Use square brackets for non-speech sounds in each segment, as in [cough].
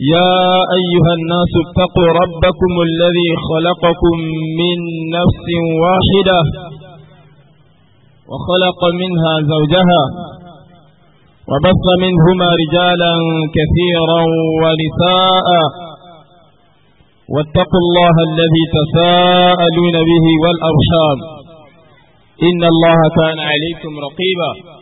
يا أيها الناس اتقوا ربكم الذي خلقكم من نفس واحدة وخلق منها زوجها وبث منهما رجالا كثيرا ونساء واتقوا الله الذي تساءلون به والأرشام إن الله كان عليكم رقيبا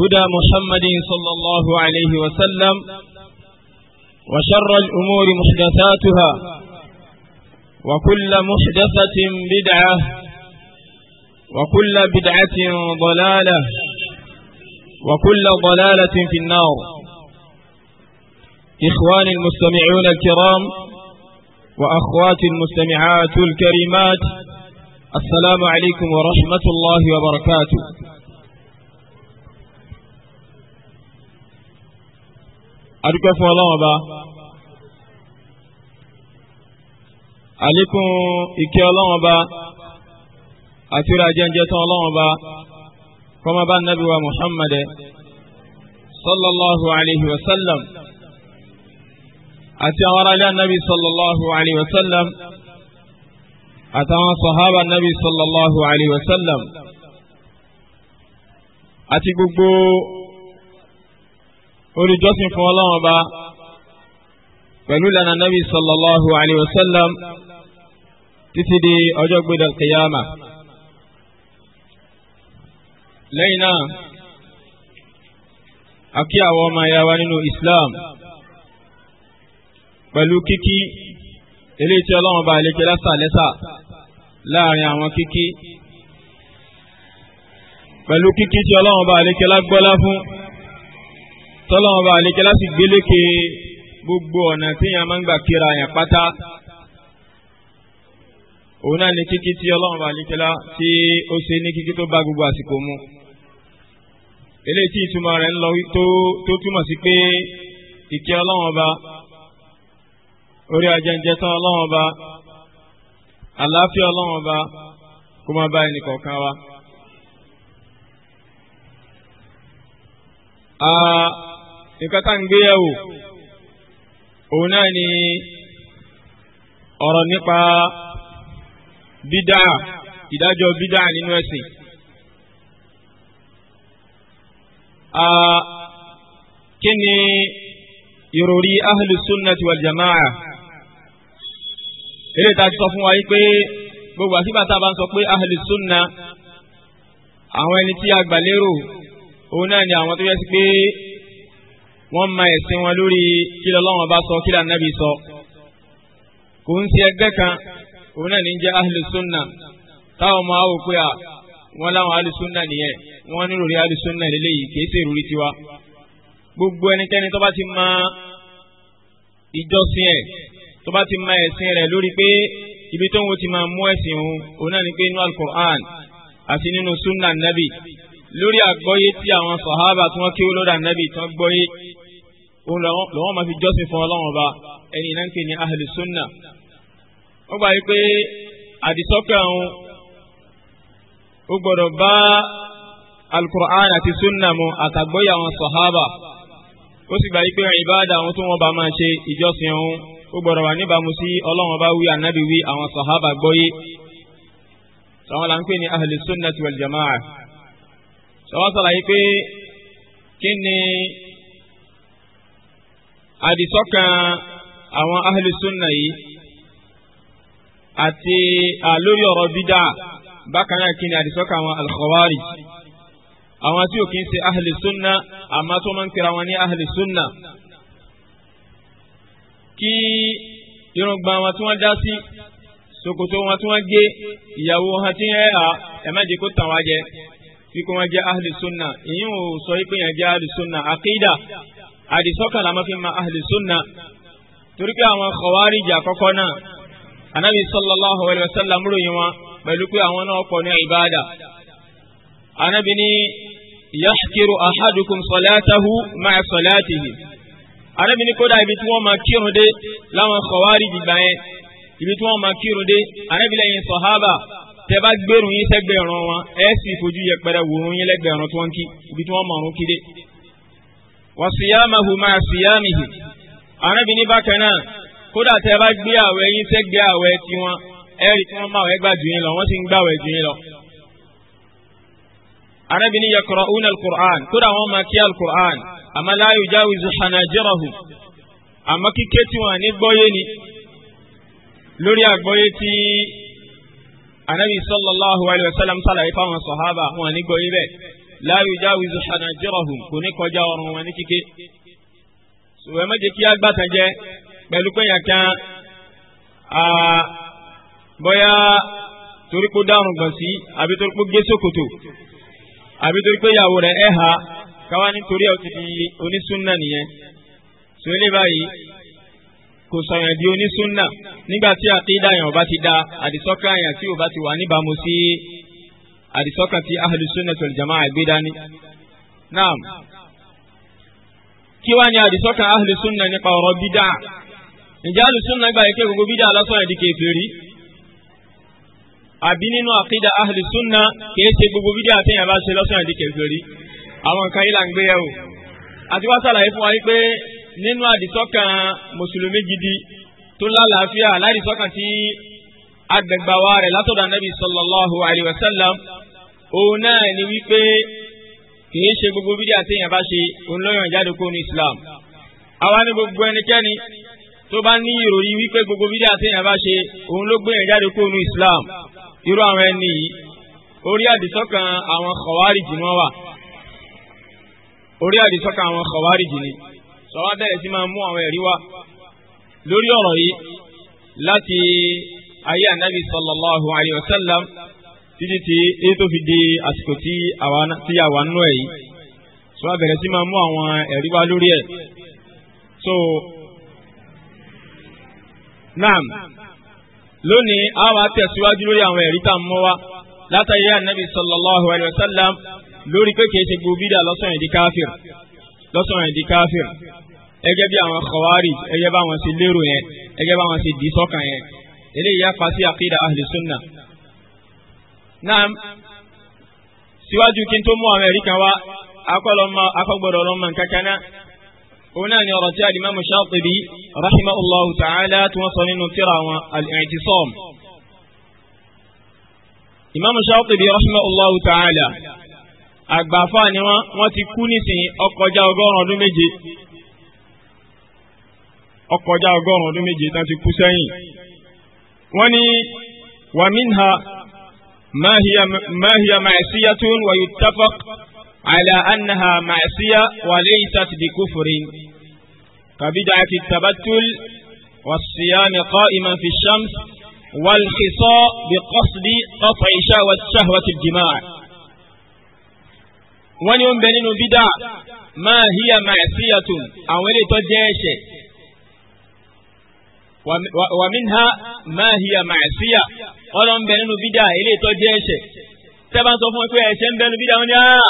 هدى محمد صلى الله عليه وسلم وشر الأمور محدثاتها وكل محدثة بدعة وكل بدعة ضلالة وكل ضلالة في النار إخواني المستمعون الكرام وأخواتي المستمعات الكريمات السلام عليكم ورحمة الله وبركاته adúpẹ́ fún ọlọ́wọ́n ọba àlékún ìkẹ́ ọlọ́wọ́n ọba àti ìrà jẹ́njẹ́ tán ọlọ́wọ́n ọba kọ́má bá nàbí wa muhammad sallallahu alayhi wa sallam àti àwọn aráàlú ànábì sallallahu alayhi wa sallam àtàwọn sọ̀hábà nàbí sallallahu alayhi wa sallam àti gbogbo olùjọ́sìn fún ọlọ́run ọba pẹ̀lú lànà nabi sallallahu alayhi wa sallam títí di ọjọ́ gbẹdọ̀ kìyàmà. lẹ́yìn náà a kí àwọn ọmọ ẹ̀yà wa nínú islam pẹ̀lú kíkí eléyìí tí ọlọ́run ọba àlejò lásàlẹ́sà láàrin àwọn kíkí pẹ̀lú kíkí tí ọlọ́run ọba àlejò lágbọ́lá fún tọ́lọ́wọ́n bá àlékẹ́ láti gbélékè gbogbo ọ̀nà téèyàn máa ń gbà kíra yàn pátá òun náà ní kíkí tí ọlọ́run bá ní kílá tí ó ṣe ní kíkí tó bá gbogbo àsìkò mu eléyìí tí ìtumọ̀ rẹ̀ ń lọ tó túmọ̀ sí pé ìkẹ́ ọlọ́run ọba orí ajẹ́njẹ́ tán ọlọ́run ọba àlàáfíà ọlọ́run ọba kó máa bá ẹnì kọ̀ọ̀kan wa nǹkan tá ń gbé yẹ̀wò òun náà ni ọ̀rọ̀ nípa bídà ìdájọ́ bídà nínú ẹ̀sìn. kí ni ìròrí ahlu sunnati wal jama'a eré ta ti sọ fún wa yí pé gbogbo àtìgbà tá a bá ń sọ pé ahlu sunna àwọn ẹni tí a gbà lérò òun náà ni àwọn tó yẹ sí pé wọ́n ma ẹ̀sìn wọn lórí kí lọ́wọ́n bá sọ kí lànàbí sọ kò ń ti ẹgbẹ́ kan òun náà ní jẹ́ ahlùsúnnà táwọn ọmọ àwọn òpè à wọ́n láwọn ahlùsúnnà nìyẹn wọ́n ní lórí ahlùsúnnà lélẹ́yìí kìí ṣe ìròrí tiwa gbogbo ẹnikẹ́ni tó bá ti ma ìjọsìn ẹ̀ tó bá ti ma ẹ̀sìn rẹ̀ lórí pé ibi tó ń wo ti máa mú ẹ̀sìn òun òun náà ní pé inú al àti nínú sunna nabi lórí àgbọ́yé tí àwọn sàhábà tí wọ́n kéwú lọ́dà nabi tán gbọ́yé òun lọ́wọ́ máa fi jọ́sìn fún ọlọ́run ọba ẹni náà ń pè ní ahlu sunna wọ́n gbà wípé àdìsọ́kàn òun ó gbọ́dọ̀ bá alukur'an àti sunna mu àtàgbọ́yé àwọn sọ̀hábà ó sì gbà wípé ìbáàdà àwọn tó wọ́n bá máa ṣe ìjọsìn òun ó gbọ́dọ̀ wà níbàámu sí ọlọ́run ọba wí ànábì wí àwọn sọ̀hábà gbọ́yé sọ̀wọ́n là ń pè ní ahlu sunna wal jama'a sọ̀wọ́n sọ̀rọ̀ yìí pé àdìsọ́kàn àwọn ahlùsùnà yìí àti lórí ọ̀rọ̀ bídà bákan náà kí ni àdìsọ́kàn àwọn alkhawari àwọn tí ò kí ń ṣe ahlùsùnà àmọ́ tó máa ń kira wọn ní ahlùsùnà kí irùngbọ̀n wọn tí wọ́n dá sí ṣòkòtò wọn tí wọ́n gé ìyàwó wọn tí wọ́n rà ẹ̀mẹ́jì kó tàn wá jẹ kí kó wọn jẹ́ ahlùsùnà ìyín ò sọ pé yẹn jẹ́ ahlùsùnà àkídà àdìsọ́kàn làwọn fi ma ahli sunna torí pé àwọn khawarij àkọ́kọ́ náà anabi sallallahu alayhi wa sallam ròyìn wọn pẹ̀lú pé àwọn náà pọ̀ ní ìbáàdà anabi ni yahkiru ahadukum salatahu ma'a salatihi anabi ni kódà ibi tí wọ́n máa kírun dé láwọn khawarij gbà yẹn ibi tí wọ́n máa kírun dé anabi lẹ́yìn sọ̀hábà tẹ bá gbẹrun yín sẹ́gbẹ̀rún wọn ẹ̀ sì fojú yẹpẹrẹ wòrun yín lẹ́gbẹ̀rún tí wọ́n kí ibi tí wọ́n máa rún kí dé wa siyamahu ma siyamihi Ànábì ní bákan náà kódà tẹ́ bá gbé àwẹ̀ yín tẹ́ gbé àwẹ̀ tiwọn ẹ̀rí tí wọ́n máa wẹ̀ gbà jù yín lọ wọ́n sì ń gbà wẹ̀ jù yín lọ. Ànábì ní yaqra'una al-Qur'an kódà wọ́n máa kí al-Qur'an àmọ́ la yujawizu hanajirahum àmọ́ kíké tí ní gbọ́yé ni lórí àgbọ́yé tí Ànábì sallallahu alayhi wa sallam sàlàyé fáwọn sàhábà wọ́n ní gbọ́yé bẹ́ẹ̀ la yujawizu hanajirahum kò ní kọjá ọrùn wọn ní kíké ṣùgbọ́n má jẹ́ kí agbátan jẹ́ pẹ̀lú pé yàn kan bóyá torí pé dárùn gàn sí àbí torí pé gé sókòtò àbí torí pé ìyàwó rẹ̀ ẹ̀ ha káwá nítorí ẹ̀ ti di onísúnnà nìyẹn sọlẹ báyìí kò sọyàn di onísúnnà nígbà tí àtidá yẹn ò ti da àdìsọ́kà tí ò ti wà níbàámu sí àdìsọ́kàn tí ahlu sunnah wal jama'a gbé dání. naam kí wá ní àdìsọ́kàn ahlu sunnah nípa ọ̀rọ̀ bídà ǹjẹ́ ahlu sunnah gbà yìí pé gbogbo bídà lọ́sọ̀ yẹn di kèfèrí àbí nínú àkídà ahlu sunnah kìí ṣe gbogbo bídà àtẹ̀yìn àbá ṣe lọ́sọ̀ yẹn di kèfèrí àwọn nǹkan yìí là ń gbé yẹ̀wò àti wá sàlàyé fún wa yìí pé nínú àdìsọ́kàn mùsùlùmí gidi tó lálàáfíà aládìsọ́kàn tí agbègbàwa rẹ̀ sallallahu alayhi wa òun náà ni wípé kìí ṣe gbogbo bídíà téèyàn bá ṣe òun lọ́yàn jáde kó ní Islam àwa ní gbogbo ẹnikẹ́ni tó bá ní ìròyìn wípé gbogbo bídíà téèyàn bá ṣe òun ló gbéyàn jáde kó ní Islam irú àwọn ẹni yìí orí àdìsọ́kàn àwọn kọ̀wárìjì ni wọ́n wà orí àdìsọ́kàn àwọn kọ̀wárìjì ni sọ̀wá bẹ̀rẹ̀ sí máa mú àwọn ẹ̀rí wá lórí ọ̀rọ̀ yìí láti ayé ànábì sallallahu alayhi wa sallam títí tí èyí tó fi di àsìkò tí àwa nú ẹ̀ yìí so a bẹ̀rẹ̀ sí máa mú àwọn ẹ̀rí wá lórí ẹ̀ so naam lónìí a wá tẹ̀síwájú lórí àwọn ẹ̀rí tá a mọ́ wá látàrí ànábì sallallahu alayhi wa sallam lórí pé kìí ṣe gbogbo bídà lọ́sàn-án ìdí káfíìr lọ́sàn-án ìdí káfíìr ẹgẹ́ bí àwọn khawarij ẹgẹ́ bá wọn ṣe lérò yẹn ẹgẹ́ bá wọn ṣe dì sọ́kàn yẹn eléyìí yá fa ahli sunna náà síwájú kí n tó mú àwọn ẹ̀rí kan wá akọ́lọ́mọ akọ́gbọ́dọ̀ ọlọ́mọ nǹkan kan náà òun náà ni ọ̀rọ̀ tí alimami Shatibi rahimahullahu ta'ala tí wọ́n sọ nínú tírà wọn al-i'tisam imam Shatibi rahimahullahu ta'ala àgbàfà ni wọn wọn ti kú nísìnyí ọkọjá ọgọ́rùn ọdún méje ọkọjá ọgọ́rùn ọdún méje tán kú sẹ́yìn wọn ni wàmínà ما هي ما هي معصية ويتفق على أنها معصية وليست بكفر كبدعة التبتل والصيام قائما في الشمس والخصاء بقصد قطع شهوة, شهوة الجماع ونيوم ni بدع ما هي معصية bídá máa wa minha ma hiya ma'siya ọlọ́run ń bẹ nínú bídà ilé ìtọ́jú ẹ̀ṣẹ̀ tẹ́bà ń sọ fún ẹ pé ẹ̀ṣẹ̀ ń bẹ nínú bídà wọn ni ah!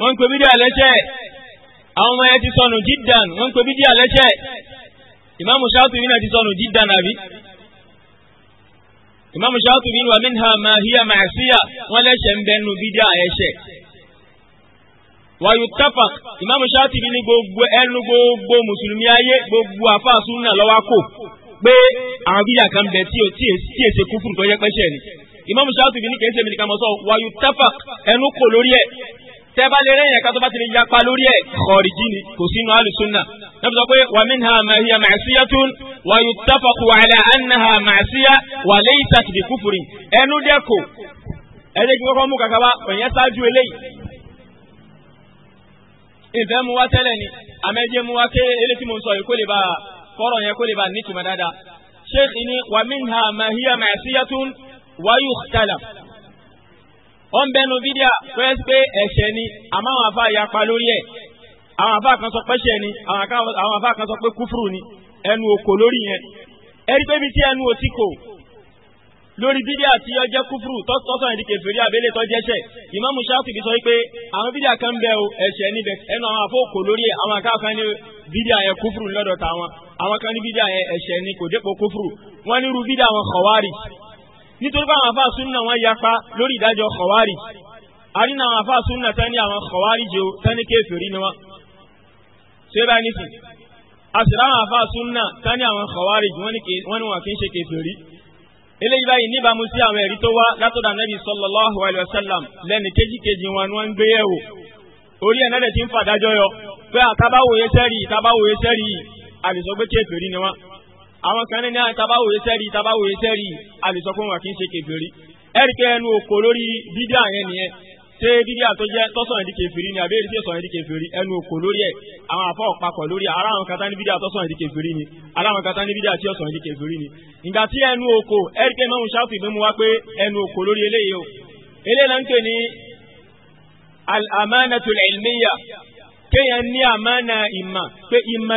wọ́n ń pe bídà lẹ́ṣẹ̀ àwọn ọmọ yẹn ti sọnù jiddan wọ́n ń pe bídà lẹ́ṣẹ̀ ìmáàmù Ṣáàtúbí náà ti sọnù jiddan àbí ìmáàmù Ṣáàtúbí wa minha ma hiya ma'siya wọ́n lẹ́ṣẹ̀ ń bẹ nínú bídà ẹ̀ṣẹ̀ wàyù tápà ìmáàmù Ṣáàtúbí ní gbogbo ẹnu gbogbo mùsùlùmí ayé gbogbo àfáà súnà lọ́wọ́ pé àwọn bíyà kan bẹ tí tí èsè e, e kúfùrù tó yẹ pẹ́sẹ̀ ni Imam Shatibi ní kèése mi nìkan mọ́ sọ wàyù tẹ́fà ẹnu kò lórí ẹ̀ tẹ́bá lè rẹ́yìn ẹ̀ka tó bá ti lè yapa lórí ẹ̀ kọ̀ọ̀rìjì ni kò sínú alùsùnà lọ́pọ̀ sọ pé wa minha ma hiya ma'siyatun wa yuttafaqu ala annaha ma'siya wa laysat bi kufrin ẹnu dẹ́kò ẹ̀rẹ́ kí kọ́kọ́ mú kàkà wá òyìn ìfẹ́ mu wá tẹ́lẹ̀ ni àmẹ́jẹ́ mu wá ké eléyìí tí mo sọ yìí kó lè bá a kọ́rọ̀ yẹn kó lè bá nítumọ̀ dáadáa sheikh ni wa minha ma hiya ma'siyatun wa yukhtalaf wọ́n bẹnu fídíà tó yẹ pé ẹ̀ṣẹ̀ ni àmọ́ àwọn afá yapa lórí ẹ̀ àwọn afá kan sọ pé ẹ̀ṣẹ̀ ni àwọn afá kan sọ pé kúfùrù ni ẹnu òkò lórí yẹn ẹ̀rí pé ibi tí ẹnu òtí kò lórí bídíà tí ọjẹ́ kúfùrù tọ́sọ̀ ní kẹfìrí abẹ́lẹ̀ tó jẹ́ṣẹ̀ ìmáàmù Ṣáfi'í sọ pé àwọn bídíà kan bẹ o ẹ̀ṣẹ̀ níbẹ̀ ẹnu àwọn àfọwọ́kọ lórí àwọn akáfẹ́ ní bídíà yẹn kúfùrù lọ́dọ̀ táwọn àwọn kan ní bídíà yẹn ẹ̀ṣẹ̀ ní kò dépò kúfùrù wọ́n ní irú bídíà wọn kọ̀wárì nítorí pé àwọn àfa súnà wọn yapa lórí ìdájọ́ kọ̀wárì àrí náà àwọn àfa súnà tán ní àwọn kọ̀wárì eléyìí báyìí níbàámu sí àwọn ẹ̀rí tó wá látọ̀dọ̀ anábì sallallahu alayhi wa sallam lẹ́nu kéjìkejì wọn ni wọ́n ń gbé yẹ̀wò orí ẹ̀ náà ti ń fàdájọ́ yọ pé àtàbáwòye sẹ́rí ìtàbáwòye sẹ́rí àlùsọ pé kèfèrí ni wọ́n àwọn kan ní àtàbáwòye sẹ́rí ìtàbáwòye sẹ́rí àlùsọ pé wọn kì í ṣe kèfèrí ẹ̀rí pé ẹnu òkò lórí bídíà yẹn nìyẹn ṣé bíbí àtọ́jẹ́ tọ́sọ̀rọ̀ di kèfèrí ni àbẹ́rẹ́ tí sọ̀rọ̀ di kèfèrí ẹnu òkò lórí ẹ̀ àwọn àfọ̀ papọ̀ lórí ara àwọn kata ní bíbí àtọ́sọ̀rọ̀ di kèfèrí ni ara àwọn kata ní bíbí àti ọ̀sọ̀rọ̀ di kèfèrí ni. ìgbà tí ẹnu òkò ẹ̀ríkẹ́ mọ́mú ṣáfì mímú wá pé ẹnu òkò lórí eléyìí o eléyìí náà ń pè ní al-amanatul ilmiya kéèyàn ní àmánà ìmà pé ìmà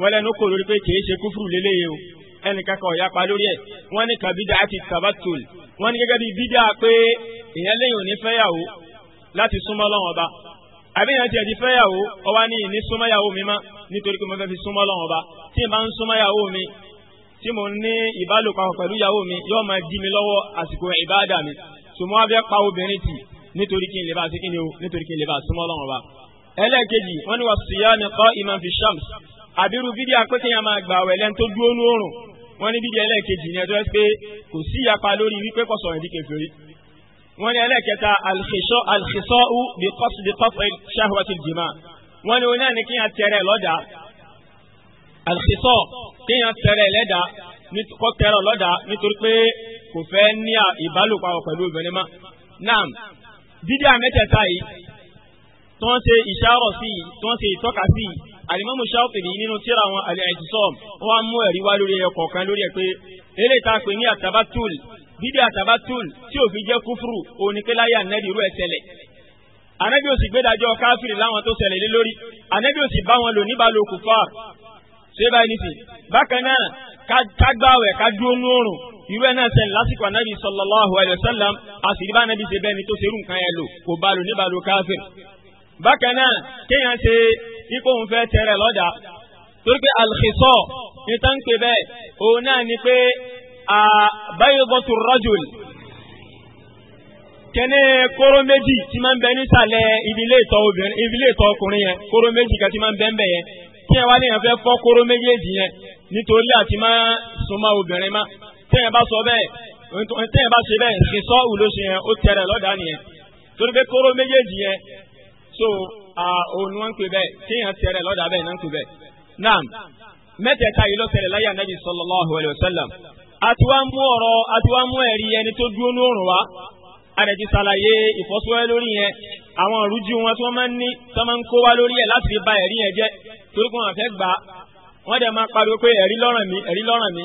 wọ́n lẹ́nu kò lórí pé kìí ṣe kúfùrù lélẹ́yìí o ẹnì kankan ọ̀yà pa lórí ẹ̀ wọ́n ní kàbídà àti tabatul wọ́n ní gẹ́gẹ́ bí bídà pé èèyàn lẹ́yìn ò ní fẹ́yàwó láti súnmọ́ lọ́wọ́n ọba àbí èèyàn tiẹ̀ ti fẹ́yàwó ọba ní ìní súnmọ́yàwó mi má nítorí pé mo fẹ́ fi súnmọ́ lọ́wọ́n ọba tí n bá ń súnmọ́yàwó mi tí mo ní ìbálòpọ̀ pẹ̀lú ìyàwó mi yóò máa dí mi lọ́wọ́ àsìkò ìbáàdà mi sùnmọ́ abẹ́ pa obìnrin tì nítorí kí n lè bá sí kí ni o nítorí kí n lè bá súnmọ́ lọ́wọ́n ọba. ẹlẹ́ẹ̀kejì wọ́n ní wàá sùn yá mi kọ́ ìmọ̀ fi shams àbírú bídí àpékèyàn máa gbà wẹ̀ lẹ́nu tó dúró ní oòrùn wọ́n ní bídí ẹlẹ́ẹ̀kejì ní ẹjọ́ pé kò sí ìyapa lórí wípé kò sọ̀rọ̀ ìdíkè fèrè wọ́n ní ẹlẹ́ẹ̀kẹta alìṣẹ́sọ́ alìṣẹ́sọ́ u bí kọ́sìdì kọ́fẹ́ ṣáhùwàtì jìmá wọ́n ní oní ẹni kíyàn tẹ̀rẹ̀ lọ́dà alìṣẹ́sọ́ kíyàn tẹ̀rẹ̀ lẹ́dà kọ́ tẹ̀rẹ̀ lọ́dà nítorí pé kò fẹ́ ní ìbálòpọ̀ pẹ̀lú obìnrin mọ́ naam bídí àmẹ́tẹ̀ẹ̀ta yìí tó ń ṣe ìṣàrọ̀ sí yìí tó ń ṣe ìtọ́ka sí yìí alimamu Shatibi nínú tírà wọn al-i'tisam wọn á mú ẹ̀rí wá lórí ẹyọ kọ̀ọ̀kan lórí ẹ pé eléyìí tá a pè ní àtàbátúl bídí àtàbátúl tí ò jẹ́ kúfùrù oníkéláyà nẹ́bí irú ẹ̀ ṣẹlẹ̀ anabi ò gbẹ́dájọ́ káfíìrì láwọn tó ṣẹlẹ̀ lé lórí anabi ò bá wọn lò níbalò kùfàr ṣé báyìí nìsín bákan náà kágbáwẹ̀ kádúró ń irú ẹ̀ náà ṣẹlẹ̀ lásìkò anabi sallallahu alayhi wa àṣírí bá anabi ṣe bẹ́ẹ̀ ni tó ṣerú nǹkan yẹn lò kò bá lò káfíìrì bákan náà kéèyàn ṣe ipò òun fẹ́ tẹ̀rẹ̀ lọ́dà torí pé alxisọ́ ní tá ń pè bẹ́ẹ̀ òun náà ni pé àbáyọ̀bọ̀tò rọ́jòl kẹ́ni kóró méjì tí máa ń bẹ nísàlẹ̀ ìdílé ìtọ̀ obìnrin ìdílé ìtọ̀ ọkùnrin yẹn kóró méjì kan tí máa ń bẹ ń bẹ yẹn tí ẹ wá ní yẹn fẹ́ fọ́ kóró méjèèjì yẹn nítorí àti máa súnmọ́ obìnrin má tẹ́yìn bá sọ bẹ́ẹ̀ tẹ́yìn bá ṣe bẹ́ẹ̀ ṣe sọ́ọ̀hù ló ṣe yẹn ó tẹ̀rẹ̀ lọ́dà nìyẹn torí pé kóró méjèèjì yẹn so Ah, òun ni wọ́n ń pè bẹ́ẹ̀ kéèyàn tẹ̀rẹ̀ lọ́dà bẹ́ẹ̀ náà ń pè bẹ́ẹ̀. naam mẹ́tẹ̀ẹ̀ta yìí ló tẹ̀lé láyé anabi sallallahu alayhi wa sallam àti wá mú ọ̀rọ̀ àti wá mú ẹ̀rí ẹni tó dúró lóòrùn wá àdẹ̀tí ṣàlàyé ìfọ́sọ́wẹ́ lórí yẹn àwọn ìrújú wọn tí wọ́n máa ń ní tó máa ń kó wá lórí ẹ̀ láti fi ba ẹ̀rí yẹn jẹ́ torí pé wọn fẹ́ gbà á wọ́n dẹ̀ máa pariwo pé ẹ̀rí lọ́ràn mi ẹ̀rí lọ́ràn mi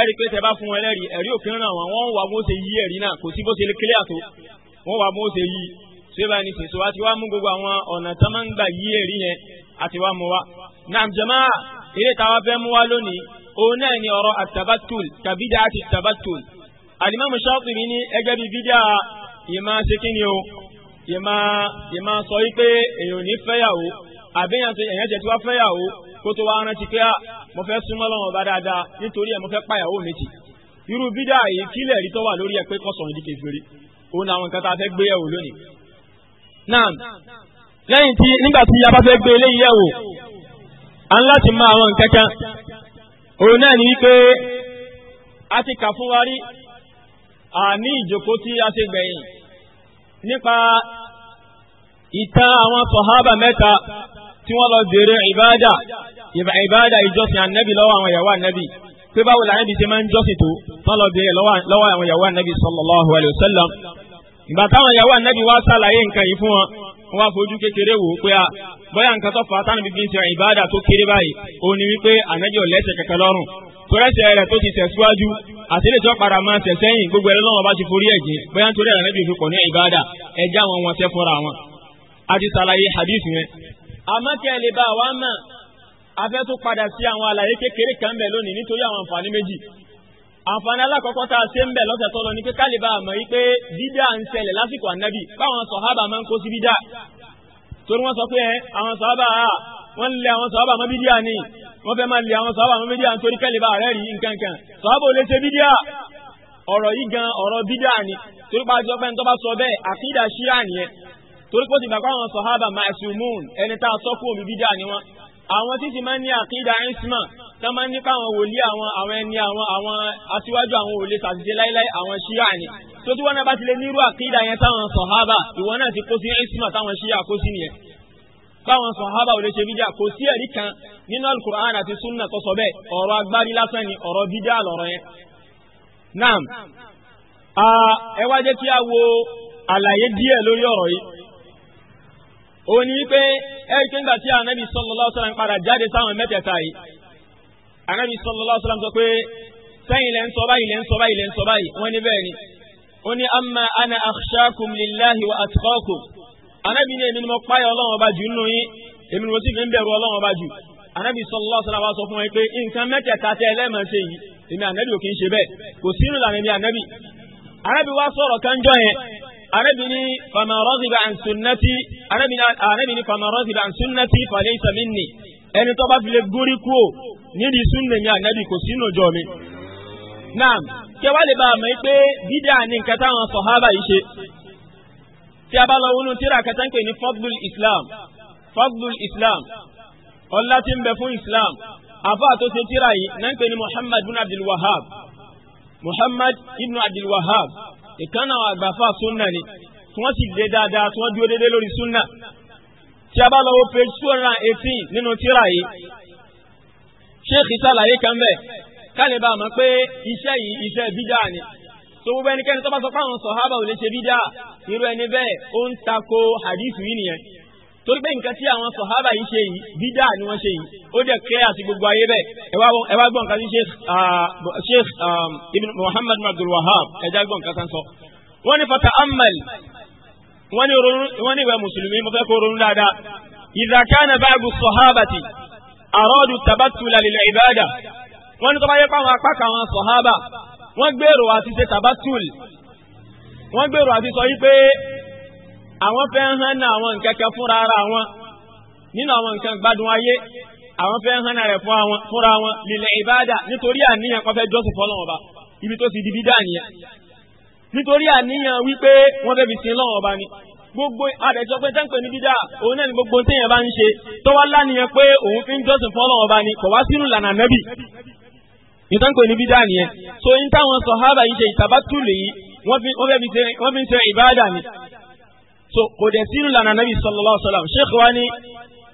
ẹ̀rí pé tẹ bá fún wọn lẹ́rìí ẹ̀rí òfin ràn wọ́n wà bó yí ẹ̀rí náà kò sí bó ṣe kílẹ̀ àtó wọ́n wà bó yí tí ó bá ní sèso àti wá mú gbogbo àwọn ọ̀nà tó máa ń gbà yí èrí yẹn àti wá mú wa. naam eré táwa fẹ́ mú wa lónìí òun náà ni ọ̀rọ̀ àtàbátùl tàbí dá àti tàbátùl. alimami Shatibi ní ẹgbẹ́ bíi bídíà ìmọ̀ ṣékíni o ìmọ̀ ìmọ̀ sọ wípé èèyàn ò ní fẹ́yàwó àbíyàn tó èèyàn jẹ́ tí wá fẹ́yàwó kó tó wá rántí pé ah, mo fẹ́ súnmọ́ lọ́wọ́ bá dáadáa nítorí ẹ̀ mo fẹ́ pàyàwó mi tì irú bídíà yìí kílẹ̀ rí tó lórí ẹ̀ pé kọ́sọ̀rọ̀ di kèfèrí òun làwọn nǹkan tá a fẹ́ gbé yẹ̀wò lónìí náà lẹ́yìn tí nígbà tí a bá fẹ́ gbé eléyìí yẹ̀ wò a ń láti mọ àwọn nǹkan kan òun náà ni wípé a ti kà fún wa rí àní ìjòkó tí a ṣe gbẹ̀yìn nípa ìtàn àwọn sọ̀hábà mẹ́ta tí wọ́n lọ dèrè ìbáàdà ìbáàdà ìjọsìn ànẹ́bì lọ́wọ́ àwọn ìyàwó ànẹ́bì pé báwo làwọn ibi ṣe máa ń jọ́sìn tó wọ́n lọ dèrè lọ́wọ́ àwọn ìyàwó ànẹ́bì sallallahu alaihi wasallam ìgbà táwọn ìyàwó ànábì wá sàlàyé nǹkan yìí fún wọn wọn wá fojú kékeré wò ó pé a bóyá nǹkan tó fà á tánàbí bí ń ṣe ìbáàdà tó kéré báyìí òun ni wípé ànábì ò lẹ́sẹ̀ kẹ̀kẹ́ lọ́rùn torẹ́sẹ̀ rẹ̀ tó ti tẹ̀síwájú àti ilé ìjọpara máa tẹ̀ sẹ́yìn gbogbo ẹ̀rọ lọ́wọ́ bá ti forí ẹ̀jẹ̀ bóyá nítorí ànábì fi pọ̀ ní ìbáàdà ẹja wọn wọn tẹ́ fọ́ra wọn. a ti sàlàyé hadith yẹn. àmọ́ kí ẹ lè bá wa mọ̀ afẹ́ tó padà sí àwọn àlàyé kékeré kan bẹ̀ lónìí nítorí àwọn àǹfààní méjì àǹfààní alákọ̀ọ́kọ́ tá a ṣe ń bẹ̀ lọ́sẹ̀ tó lọ pé kálíbà àmọ́ yìí pé dídá ń ṣẹlẹ̀ lásìkò ànábì báwọn sọ̀hábà máa ń kó sí dídá torí wọ́n sọ pé àwọn sọ̀hábà wọ́n lé àwọn sọ̀hábà mọ́ bídíà ni wọ́n fẹ́ máa lé àwọn sọ̀hábà mọ́ bídíà nítorí kálíbà rẹ̀ rí nǹkan kan sọ̀hábà ò lè ṣe bídíà ọ̀rọ̀ yìí gan ọ̀rọ̀ bídíà ni torí pa àjọ pé ń tọ́ bá sọ bẹ́ẹ̀ àkídà ṣíà nìyẹn torí kó ti gbàgbọ́ àwọn sọ̀hábà ma'asumun ẹni tá a sọ kú omi bídíà ni wọ́n àwọn máa ń ní àkídà isma tán máa ń nípa àwọn wòlíì àwọn àwọn ẹni àwọn àwọn aṣíwájú àwọn òòlè tàbíṣe láíláí àwọn ṣíà ni tó tí wọn náà bá ti lé nírú àkídà yẹn táwọn sọhábà ìwọ náà ti kó sí ẹsìmà táwọn ṣíà kó sí nìyẹn báwọn sọhábà ò lè ṣe bídíà kò sí ẹ̀rí kan nínú alukur'an àti sunna tó sọ bẹ́ẹ̀ ọ̀rọ̀ agbárí lásán ni ọ̀rọ̀ bídíà lọ̀rọ̀ yẹn. naam ẹ wá jẹ́ kí a wo àlàyé díẹ̀ lórí ọ̀rọ̀ yìí òun ni pé ẹ̀rí pé ńgbà tí Ànábì sallallahu alaihi wasallam padà jáde sáwọn mẹ́tẹ̀ẹ̀ta yìí anábì sallallahu alaihi wasallam sọ pé sẹ́yìn lẹ́ ń sọ báyìí lẹ́ ń sọ báyìí lẹ́ ń sọ báyìí wọ́n ní bẹ́ẹ̀ ni ó ní amma ana akhshakum lillahi wa atqakum anábì ní èmi ni mo páyà ọlọ́run ọba jù nínú yín èmi ni mo sì fi ń bẹ̀rù ọlọ́run ọba jù anábì sallallahu alaihi wasallam sọ fún wọn pé nǹkan mẹ́tẹ̀ẹ̀ta tẹ́ ẹlẹ́mọ̀ ṣe yìí èmi anábì ò kì í ṣe bẹ́ẹ̀ kò sínú ìlànà èmi anábì anábì wá sọ̀rọ̀ kanjọ́ bá fi lè gúrí nídìí súnà ní ànábì kò sínú ìjọ mi. naam kẹwàá lè bá a mọ̀ pé bídíà ní nǹkan táwọn sọ̀hábà yìí ṣe. tí a bá lọ wọnú tíra kẹta ń pè ní fadlul islam fadlul islam ọlá tí ń bẹ fún islam àfa tó ṣe tíra yìí náà ń pè ní muhammad ibn abdul wahab muhammad ibn abdul wahab ìkànnà àgbàfà súnà ni tí wọ́n sì dé dáadáa tí wọ́n dúró déédéé lórí súnà tí a bá lọ wo page two hundred and eighteen nínú tíra yìí ṣéèkì sàlàyé kan bẹ́ẹ̀ káàlẹ̀ bá mọ̀ pé iṣẹ́ yìí iṣẹ́ bídà ni tó gbogbo ẹnikẹ́ni tó bá sọ fáwọn sọ̀hábà ò lè ṣe bídà irú ẹni bẹ́ẹ̀ ó ń tako hadith yìí nìyẹn torí pé nǹkan tí àwọn sọ̀hábà yìí ṣe yìí bídà ni wọ́n ṣe yìí ó dẹ̀ kẹ́ àti gbogbo ayé bẹ́ẹ̀ ẹ wá gbọ́n kan sí sheikh ibn muhammad abdul wahab ẹja gbọ́n kan kan sọ. wọ́n ní fata amal wọ́n ní ìwé mùsùlùmí mo fẹ́ kó ronú dáadáa ìdàkánà báàgù àrọ́dù tabatula lil ìbáàdà wọ́n ní tó bá yẹ pàwọn apá kan àwọn sọ̀hábà wọ́n gbèrò àti ṣe tabatul wọ́n gbèrò àti sọ wípé àwọn fẹ́ hàn ní àwọn nǹkan kan fúnra ara wọn nínú àwọn nǹkan gbádùn ayé àwọn fẹ́ hàn rẹ̀ fúnra wọn lil ìbáàdà nítorí àníyàn kan fẹ́ jọ́sìn fọlọ́wọ́n ba ibi tó ti di bídà nìyẹn nítorí àníyàn wípé wọ́n fẹ́ fi sin lọ́wọ́n ba ni gbogbo àdẹ̀sọ pé tẹ́ǹpẹ̀ ní dídá òun náà ni gbogbo téèyàn bá ń ṣe tó wá lánìyàn pé òun fi ń jọ́sìn fún ọlọ́wọ́ bá ní kò wá sínú lànà nẹ́bì ìtànkọ̀ ní bídá nìyẹn so in táwọn sọ̀hábà yìí ṣe ìtàbátúlù yìí wọ́n fi ń ṣe ìbáàdà ni so kò dẹ̀ sínú lànà nàbì sallallahu alaihi wasallam sheikh wa ni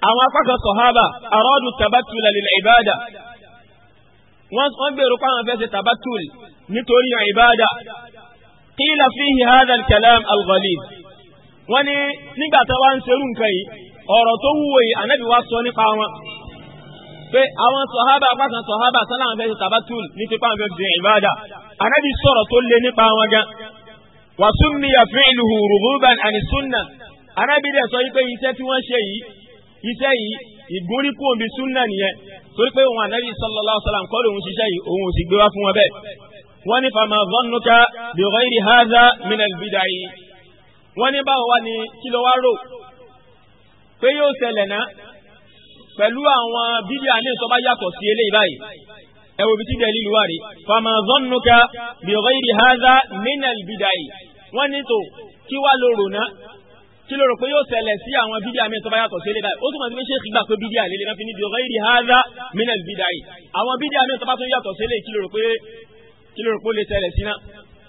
àwọn apákan sọ̀hábà aradu tàbátúlù lil ìbáàdà wọ́n gbèrò pa àwọn fẹ́sẹ̀ tàbátúlù kalam al wọ́n ní nígbà tó wá ń serú nǹkan yìí ọ̀rọ̀ tó wúwo yìí ànábì wá sọ nípa wọn pé àwọn sọ̀hábà pàtàkì sọ̀hábà sálàmù fẹ́ ṣe tabatul ní ti pàmò fẹ́ ìbáàdà ànábì sọ̀rọ̀ tó lé nípa wọn gan wa summiya fi'luhu rughuban an sunnah ànábì dẹ̀ sọ wípé iṣẹ́ tí wọ́n ṣe yìí iṣẹ́ yìí ìgbóríkù òbí súnnà nìyẹn torí pé òun ànábì sallallahu alaihi wasallam kọ́ lòun ṣiṣẹ́ yìí òun ò sì gbé wá fún wọn bẹ́ẹ̀ wọ́n ní fama zannuka bi ghairi hadha min wọ́n ní báwo wá ní kí ló wá rò pé yóò ṣẹlẹ̀ náà pẹ̀lú àwọn bídíà ní ìsọba yàtọ̀ sí eléyìí báyìí ẹ wo bí tí dẹ́lí wà rí famazọ́nùkà bi ghayri hadha minal bidai wọ́n ní tó kí wá ló rò náà kí ló rò pé yóò ṣẹlẹ̀ sí àwọn bídíà mi ìsọba yàtọ̀ sí eléyìí báyìí ó túmọ̀ sí sí pé kí ló pé ó lè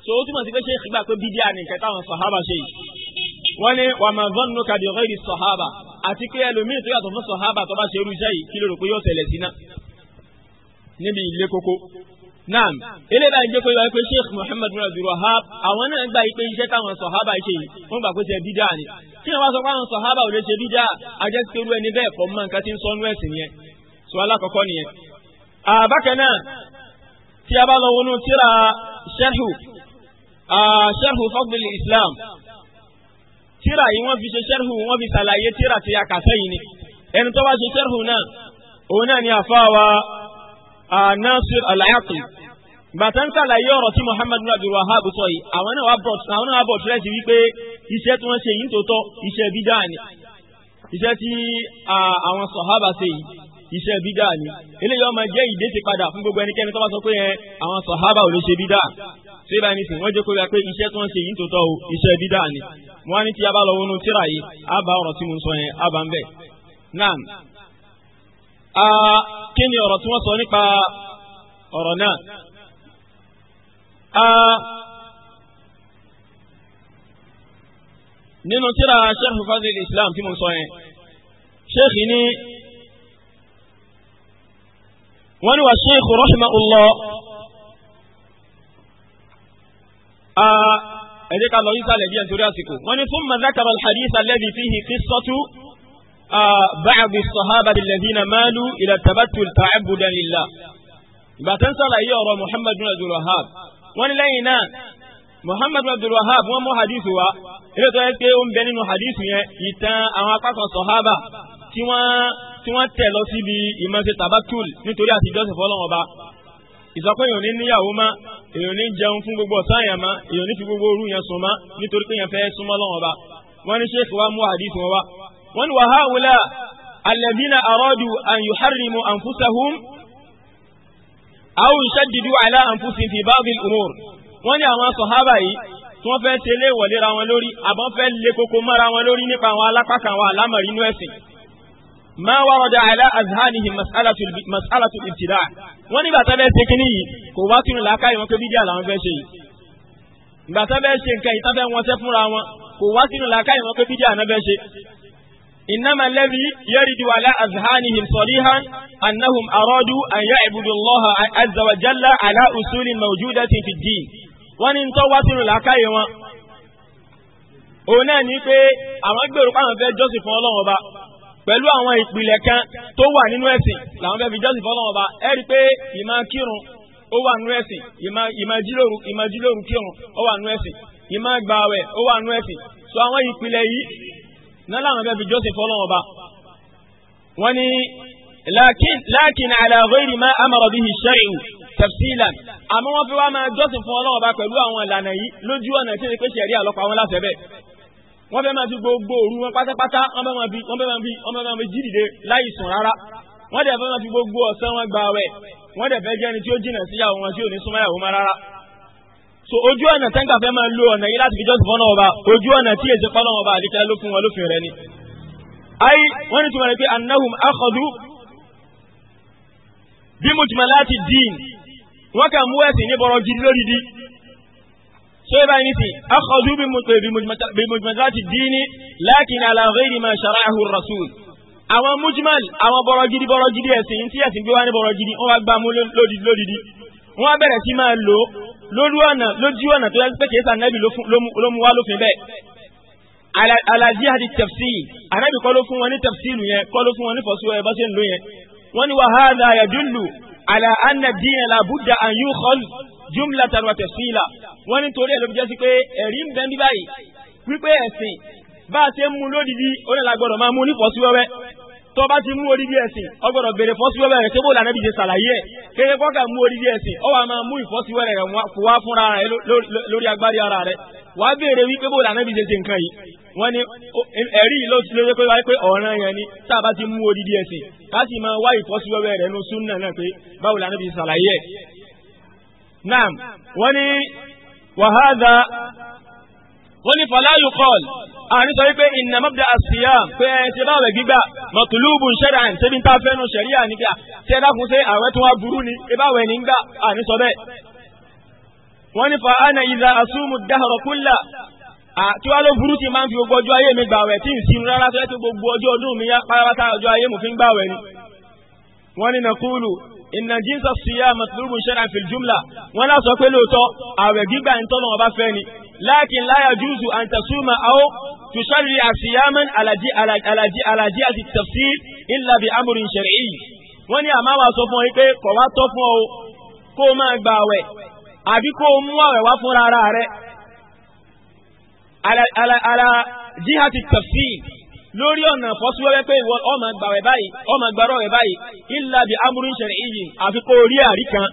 so ó túmọ̀ sí pé ṣéèkì gbà pé bídíà ni nǹkan táwọn sọ̀hábà ṣe yìí wọ́n ní wà máa vọ́n nù kàdí ọ̀rẹ́ ìrì sọ̀hábà àti pé ẹlòmíì tó yàtọ̀ fún sọ̀hábà tó bá ṣe irú iṣẹ́ yìí kí ló rò pé yóò tẹ̀lẹ̀ sí náà níbi ilé kókó naam eléyà ń jẹ́ pé wáyé pé sheikh muhammed bin abdul wahab àwọn náà gba ìpè iṣẹ́ táwọn sọ̀hábà ṣe yìí wọ́n gbà pé ṣe bídà ni kí wọ́n bá sọ pé àwọn ṣẹ́hù ah, fọ́gbìlì islam tíra yìí wọ́n fi ṣe ṣẹ́hù wọ́n fi ṣàlàyé tíra ti àkàṣẹ́ yìí ni ẹni tó bá ṣe ṣẹ́hù náà òun náà ni àfáwa ah, nasir alayati bàtà ń ṣàlàyé ọ̀rọ̀ tí muhammad bin abdul wahab sọ yìí àwọn náà wà bọ̀ àwọn náà wà bọ̀ tírẹ́sì wípé iṣẹ́ tí wọ́n ṣe yìí ń tòótọ́ iṣẹ́ bídà ni iṣẹ́ tí ah, àwọn sọ̀hábà ṣe yìí iṣẹ́ bídà ni eléyìí ọmọ jẹ́ ìdé padà fún gbogbo ẹnikẹ́ni tó bá sọ pé àwọn sọ̀hábà ò lè ṣe bídà ṣé báyìí nísìnyí wọ́n jẹ́ kó yà pé iṣẹ́ tó ń ṣe yìí tòótọ́ o iṣẹ́ bídà ni wọ́n á ní tí a bá lọ wọnú tíra yìí á bá ọ̀rọ̀ tí mo sọ yẹn á bá ń bẹ̀. naam kí ni ọ̀rọ̀ tí wọ́n sọ nípa ọ̀rọ̀ náà? nínú tíra sheikh fadil islam tí mo sọ yẹn sheikh ni wọ́n ní wa sheikh rahimahullah ẹ jẹ́ ká lọ yísàlẹ̀ díẹ̀ nítorí àsìkò wọ́n ní thumma dhakara al-hadith alladhi fihi qissatu ba'di as-sahabati alladhina malu ila tabattul ta'abbudan lillah ìbátan sàlàyé ọ̀rọ̀ Muhammad bin Abdul Wahhab wọ́n ní lẹ́yìn náà Muhammad bin Abdul Wahhab wọ́n mú hadith wa ilé tó yẹ pé ó ń bẹ nínú hadith yẹn ìtàn àwọn apákan sọ̀hábà tí wọ́n tẹ̀ lọ síbi ìmọ̀ọ́sẹ̀ tabattul nítorí àtijọ́ sọ̀fọ́ ọlọ́wọ́ba ìsọpẹ́ èèyàn ní níyàwó má èèyàn ní jẹun fún gbogbo ọ̀sán èèyàn má èèyàn ní fi gbogbo òru yẹn sùn má nítorí pé èèyàn fẹ́ súnmọ́ lọ́wọ́ ba wọ́n ní ṣéèkì wa mú àdìsí wọn wá. wọ́n ní wàhá wula alẹ́bínà àrọ́dù àyùhárìmù ànfúsàhùn àwọn ìṣàdìdú àlá ànfúsìn ti bá bíi umur. wọ́n ní àwọn sọ̀hábà yìí tí wọ́n fẹ́ tẹ̀lé wọ̀lera wọn lórí àbọ̀n fẹ́ lé koko mọ́ra wọn lórí nípa àwọn alápákan àwọn àlámọ̀rí inú ẹ̀sìn ma warada ala azhanihim mas'alatu ibtida wọ́n nígbà tá bẹ́ẹ̀ ṣe kínní yìí kò wá tún làákà yìí wọ́n pé bídíà làwọn fẹ́ ṣe yìí ìgbà tá bẹ́ẹ̀ ṣe nǹkan yìí tá fẹ́ wọn ṣe fúnra wọn kò wá tún làákà yìí wọ́n pé bídíà náà fẹ́ ṣe. innama alladhi yaridu ala azhanihim sarihan annahum aradu an ya'budu allaha azza wa jalla ala usulin mawjudatin fi ddin wọ́n ní tó wá tún làákà yìí wọn. òun náà ní pé àwọn gbèrò pàwọn fẹ́ jọ́sìn fún ọlọ́run ọba pẹ̀lú àwọn ìpìlẹ̀ kan tó wà nínú ẹ̀sìn làwọn fẹ́ fi jọ́sìn fọ́lọ́run ọba ẹ rí i pé ìmọ̀ kírun ó wà nínú ẹ̀sìn ìmọ̀ jílòrú ìmọ̀ jílòrú kírun ó wà nínú ẹ̀sìn ìmọ̀ gbààwẹ̀ ó wà nínú ẹ̀sìn so àwọn ìpìlẹ̀ yìí náà làwọn fẹ́ fi jọ́sìn fọ́lọ́run ọba. wọ́n ní lakin lakin ala ghairi ma amara bihi shari'u tafsilan àmọ́ wọ́n fi wá máa jọ́sìn fún ọlọ́run pẹ̀lú àwọn ìlànà yìí lójú ọ̀nà tí ó ti pé ṣẹ̀rí àlọ́pàá wọn láṣẹ bẹ́ẹ̀ wọ́n fẹ́ máa fi gbogbo òru wọn pátápátá wọ́n fẹ́ máa fi wọ́n fẹ́ máa fi wọ́n fẹ́ máa fi jí dìde láì sùn rárá wọ́n dẹ̀ fẹ́ máa fi gbogbo ọ̀sán wọn gba àwẹ̀ wọ́n dẹ̀ fẹ́ jẹ́ ẹni tí ó jìnà síyàwó wọn tí ò ní súnmọ́ ìyàwó mọ́ rárá. so ojú ọ̀nà tẹ́ǹkà fẹ́ máa lo ọ̀nà yìí láti fi jọ́sìn fọ́nà ọba ojú ọ̀nà tí èsì fọ́nà ọba àdìkẹ́ annahum akhadu bí mo tuma láti dín wọ́n di ṣé báyìí nìsí akọ̀dú bí mujmal ti dini lakin ala ghairi ma shara'ahu rasul àwọn mujmal àwọn bọ̀rọ̀ gidi bọ̀rọ̀ gidi ẹ̀sìn tí ẹ̀sìn gbé wá ní bọ̀rọ̀ gidi wọ́n wá gbá mú lódìdí wọ́n á bẹ̀rẹ̀ sí máa lò lójú ọ̀nà lójú ọ̀nà tó yẹ pé kìí sànẹ́bì ló mú wá lófin bẹ́ẹ̀ alaji hadi tafsir anabi kọ́ ló fún wọn ní tafsir yẹn kọ́ ló fún wọn ní fọ́sí ẹ̀ bá ṣe ń lò yẹn wọ́n ní wa hadha yadullu ala anna ad-din la budda an yukhal jumlatan wa tafsila wọ́n ní torí ẹ̀ ló fi jẹ́ sí pé ẹ̀rí ń bẹ ń bí báyìí wípé ẹ̀sìn bá a ṣe ń mú lódìdí onílàgbọ́dọ̀ máa mú ní fọ́síwẹ́wẹ́ tó bá ti mú odidi ẹ̀sìn ọgbọ́dọ̀ bèrè fọ́síwẹ́wẹ́ rẹ̀ sébò lànà ìdíje ṣàlàyé ẹ̀ kéde kọ́kà mú odidi ẹ̀sìn ọ wà máa mú ìfọ́síwẹ́rẹ̀ rẹ̀ wá fúnra rẹ̀ lórí agbárí ara rẹ̀ wà á bèrè wípé bò lànà ìdíje ṣe nǹkan yìí wọ́n ní ẹ̀rí yìí ló ti pé wáyé pé ọ̀ràn yẹn ni tá a bá ti mú odidi ẹ̀sìn ká sì máa wá ìfọ́síwẹ́wẹ́ rẹ̀ nínú súnnà náà pé báwo lànà ìdíje ṣàlàyé ẹ̀ wàhádà wọ́n ní fàlá yóò kọ́ àárín sọ wípé ìnà mọ́bdà àṣìyà pé ẹ ṣe báwẹ̀ gbígbà mọ̀tòlúùbù ń ṣẹ̀dá ẹ̀ ṣẹ́bi ń ta fẹ́nu ṣẹ̀ríà nígbà tí ẹ dákun ṣe àwẹ̀ tó wá burú ni ìbáwẹ̀ nígbà àárín bẹ́ẹ̀. wọ́n ní fàánà ìdá àṣùmù dáhọ̀rọ̀ kúlà tí wàá ló burú ti máa ń fi gbogbo ọjọ́ ayé mi gbàwẹ̀ tí ń sinu rárá tó yẹ inna jinsa siyam matlubun shar'an fil jumla wọ́n láti sọ pé lóòótọ́ àwẹ̀ gbígbà ń tọ́lọ̀ ọba fẹ́ ni lakin la yajuzu an tasuma aw tushari'a siyaman alaji alaji alaji àti tafsir illa bi amrin shar'i wọ́n ní àmà wa sọ fún ọ pé kọ̀ wá tọ́ fún ọ kó o máa gba àwẹ̀ àbí kó o mú àwẹ̀ wá fúnra ara rẹ̀ ala ala jihati tafsir lórí ọ̀nà fọ́síwẹ́wẹ́ pé ìwọ ọmọ gbàwẹ̀ báyìí ọmọ gbàrọ̀ rẹ̀ báyìí illa bi amúrin ṣẹ̀rí iyì àfi kó orí àrí kan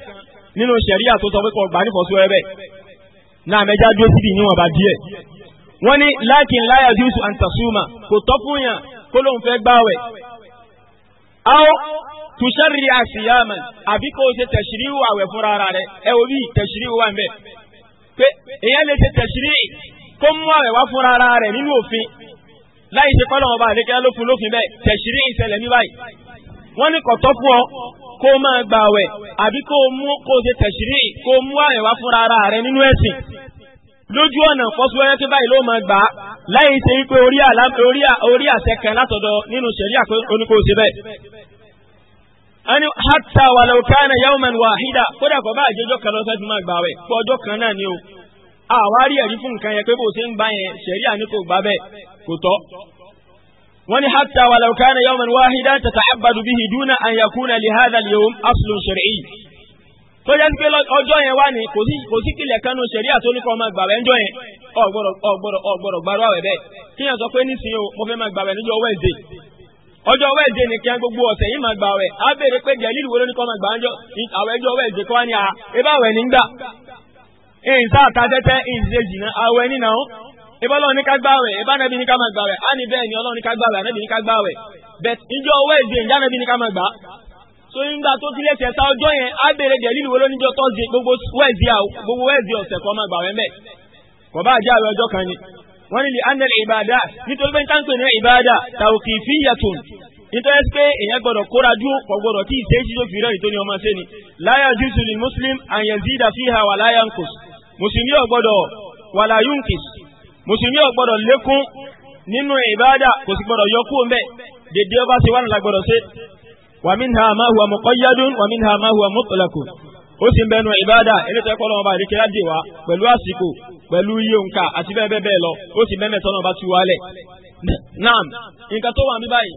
nínú ṣẹ̀rí àtúntò pé kò gbà ní fọ́síwẹ́wẹ́ bẹ́ẹ̀. náà mẹ́já dúró síbi níwọ̀n bá díẹ̀. wọ́n ní láàkín láyà júùsù àǹtàṣùmà kò tọ́ fún yàn kó lóun fẹ́ gbàwẹ̀. aw tùṣẹ́rì àṣìyàmà àbí kó o ṣe tẹ̀síríwò àwẹ̀ láì ṣe ọba àlékẹ́ lófin lófin bẹ́ẹ̀ tẹ̀sírí ìṣẹ̀lẹ̀ ní báyìí wọ́n ní kọ̀tọ́ ọ kó máa gbà wẹ̀ àbí kó mú kó ṣe kó mú àyẹ̀ fúnra ara rẹ nínú ẹ̀sìn lójú ọ̀nà fọ́síwẹ́rẹ́ báyìí ló máa gbà á nínú oníkó ṣe bẹ́ẹ̀ kódà bá àjẹjọ́ kan lọ́sẹ̀ máa gbà wẹ̀ kan náà o àwárí kò wani wọ́n ní hatta walau kana yawman wahidan tata'abbadu bihi duna an yakuna li hadha al-yawm aslun shar'i. tó yẹ pé ọjọ́ yẹn wà ní kò sí kílẹ̀ kánú ṣẹ̀ríà tó ní kọ́ máa gbàwẹ̀ ńjọ́ yẹn ọ̀gbọ̀rọ̀ ọ̀gbọ̀rọ̀ ọ̀gbọ̀rọ̀ gbàrọ̀ àwẹ̀ bẹ́ẹ̀ kí yẹn sọ pé nísìnyí o mo fẹ́ máa gbàwẹ̀ níjọ́ wẹ́ẹ̀dẹ̀ ọjọ́ wẹ́ẹ̀dẹ̀ ni kíá gbogbo wo ló ní kọ́ máa gbàwẹ̀ àwẹ̀ ẹjọ́ wẹ́ẹ̀dẹ̀ kọ́ ni à ebáwẹ̀ nígbà ìbá ọlọ́run ní ká gbàwẹ̀ ìbá nàbí ní ká máa gbàwẹ̀ á ní bẹ́ẹ̀ ni ọlọ́run ní ká gbàwẹ̀ ànábì ní ká gbàwẹ̀ bẹ́ẹ̀ ìjọ Wednesday ìjà nàbí ní ká máa gbà so nígbà tó ti lẹ́sẹ̀ ta ọjọ́ yẹn á bèrè dẹ̀lílì wo lóníjọ́ Thursday gbogbo Wednesday ọ̀sẹ̀ kan máa gbàwẹ̀ mẹ́ kò bá jẹ́ àwẹ̀ ọjọ́ kan ni wọ́n nílì anel ìbàdà nítorí pé táǹkì ní ìbàdà tàòkì fíyàtùn nítorí pé èèyàn gbọ́dọ̀ kóra dúró kò gbọ́dọ̀ tí ìṣe ìṣíjó fi rẹ́rìn tó ní ọmọ ṣe ni láyà jùsùlì muslim àyẹ̀zídà fíhà wà láyà nkùs mùsùlùmí ò gbọ́dọ̀ mùsùlùmí ò gbọ́dọ̀ lékún nínú ìbáàdà kò sì gbọ́dọ̀ yọkú ń bẹ̀ dédé ọba ṣe wà nílá gbọ́dọ̀ ṣe wa minha ma huwa muqayyadun wa minha ma huwa mutlaqun ó sì ń bẹnu ìbáàdà eléyìí tó kọ́lọ́ ọba àdékẹ́lá dè wá pẹ̀lú àsìkò pẹ̀lú iye nǹka àti bẹ́ẹ̀ bẹ́ẹ̀ bẹ́ẹ̀ lọ ó sì mẹ́mẹ́ tọ́nà ọba ti wálẹ̀ naam nǹkan tó wà ní báyìí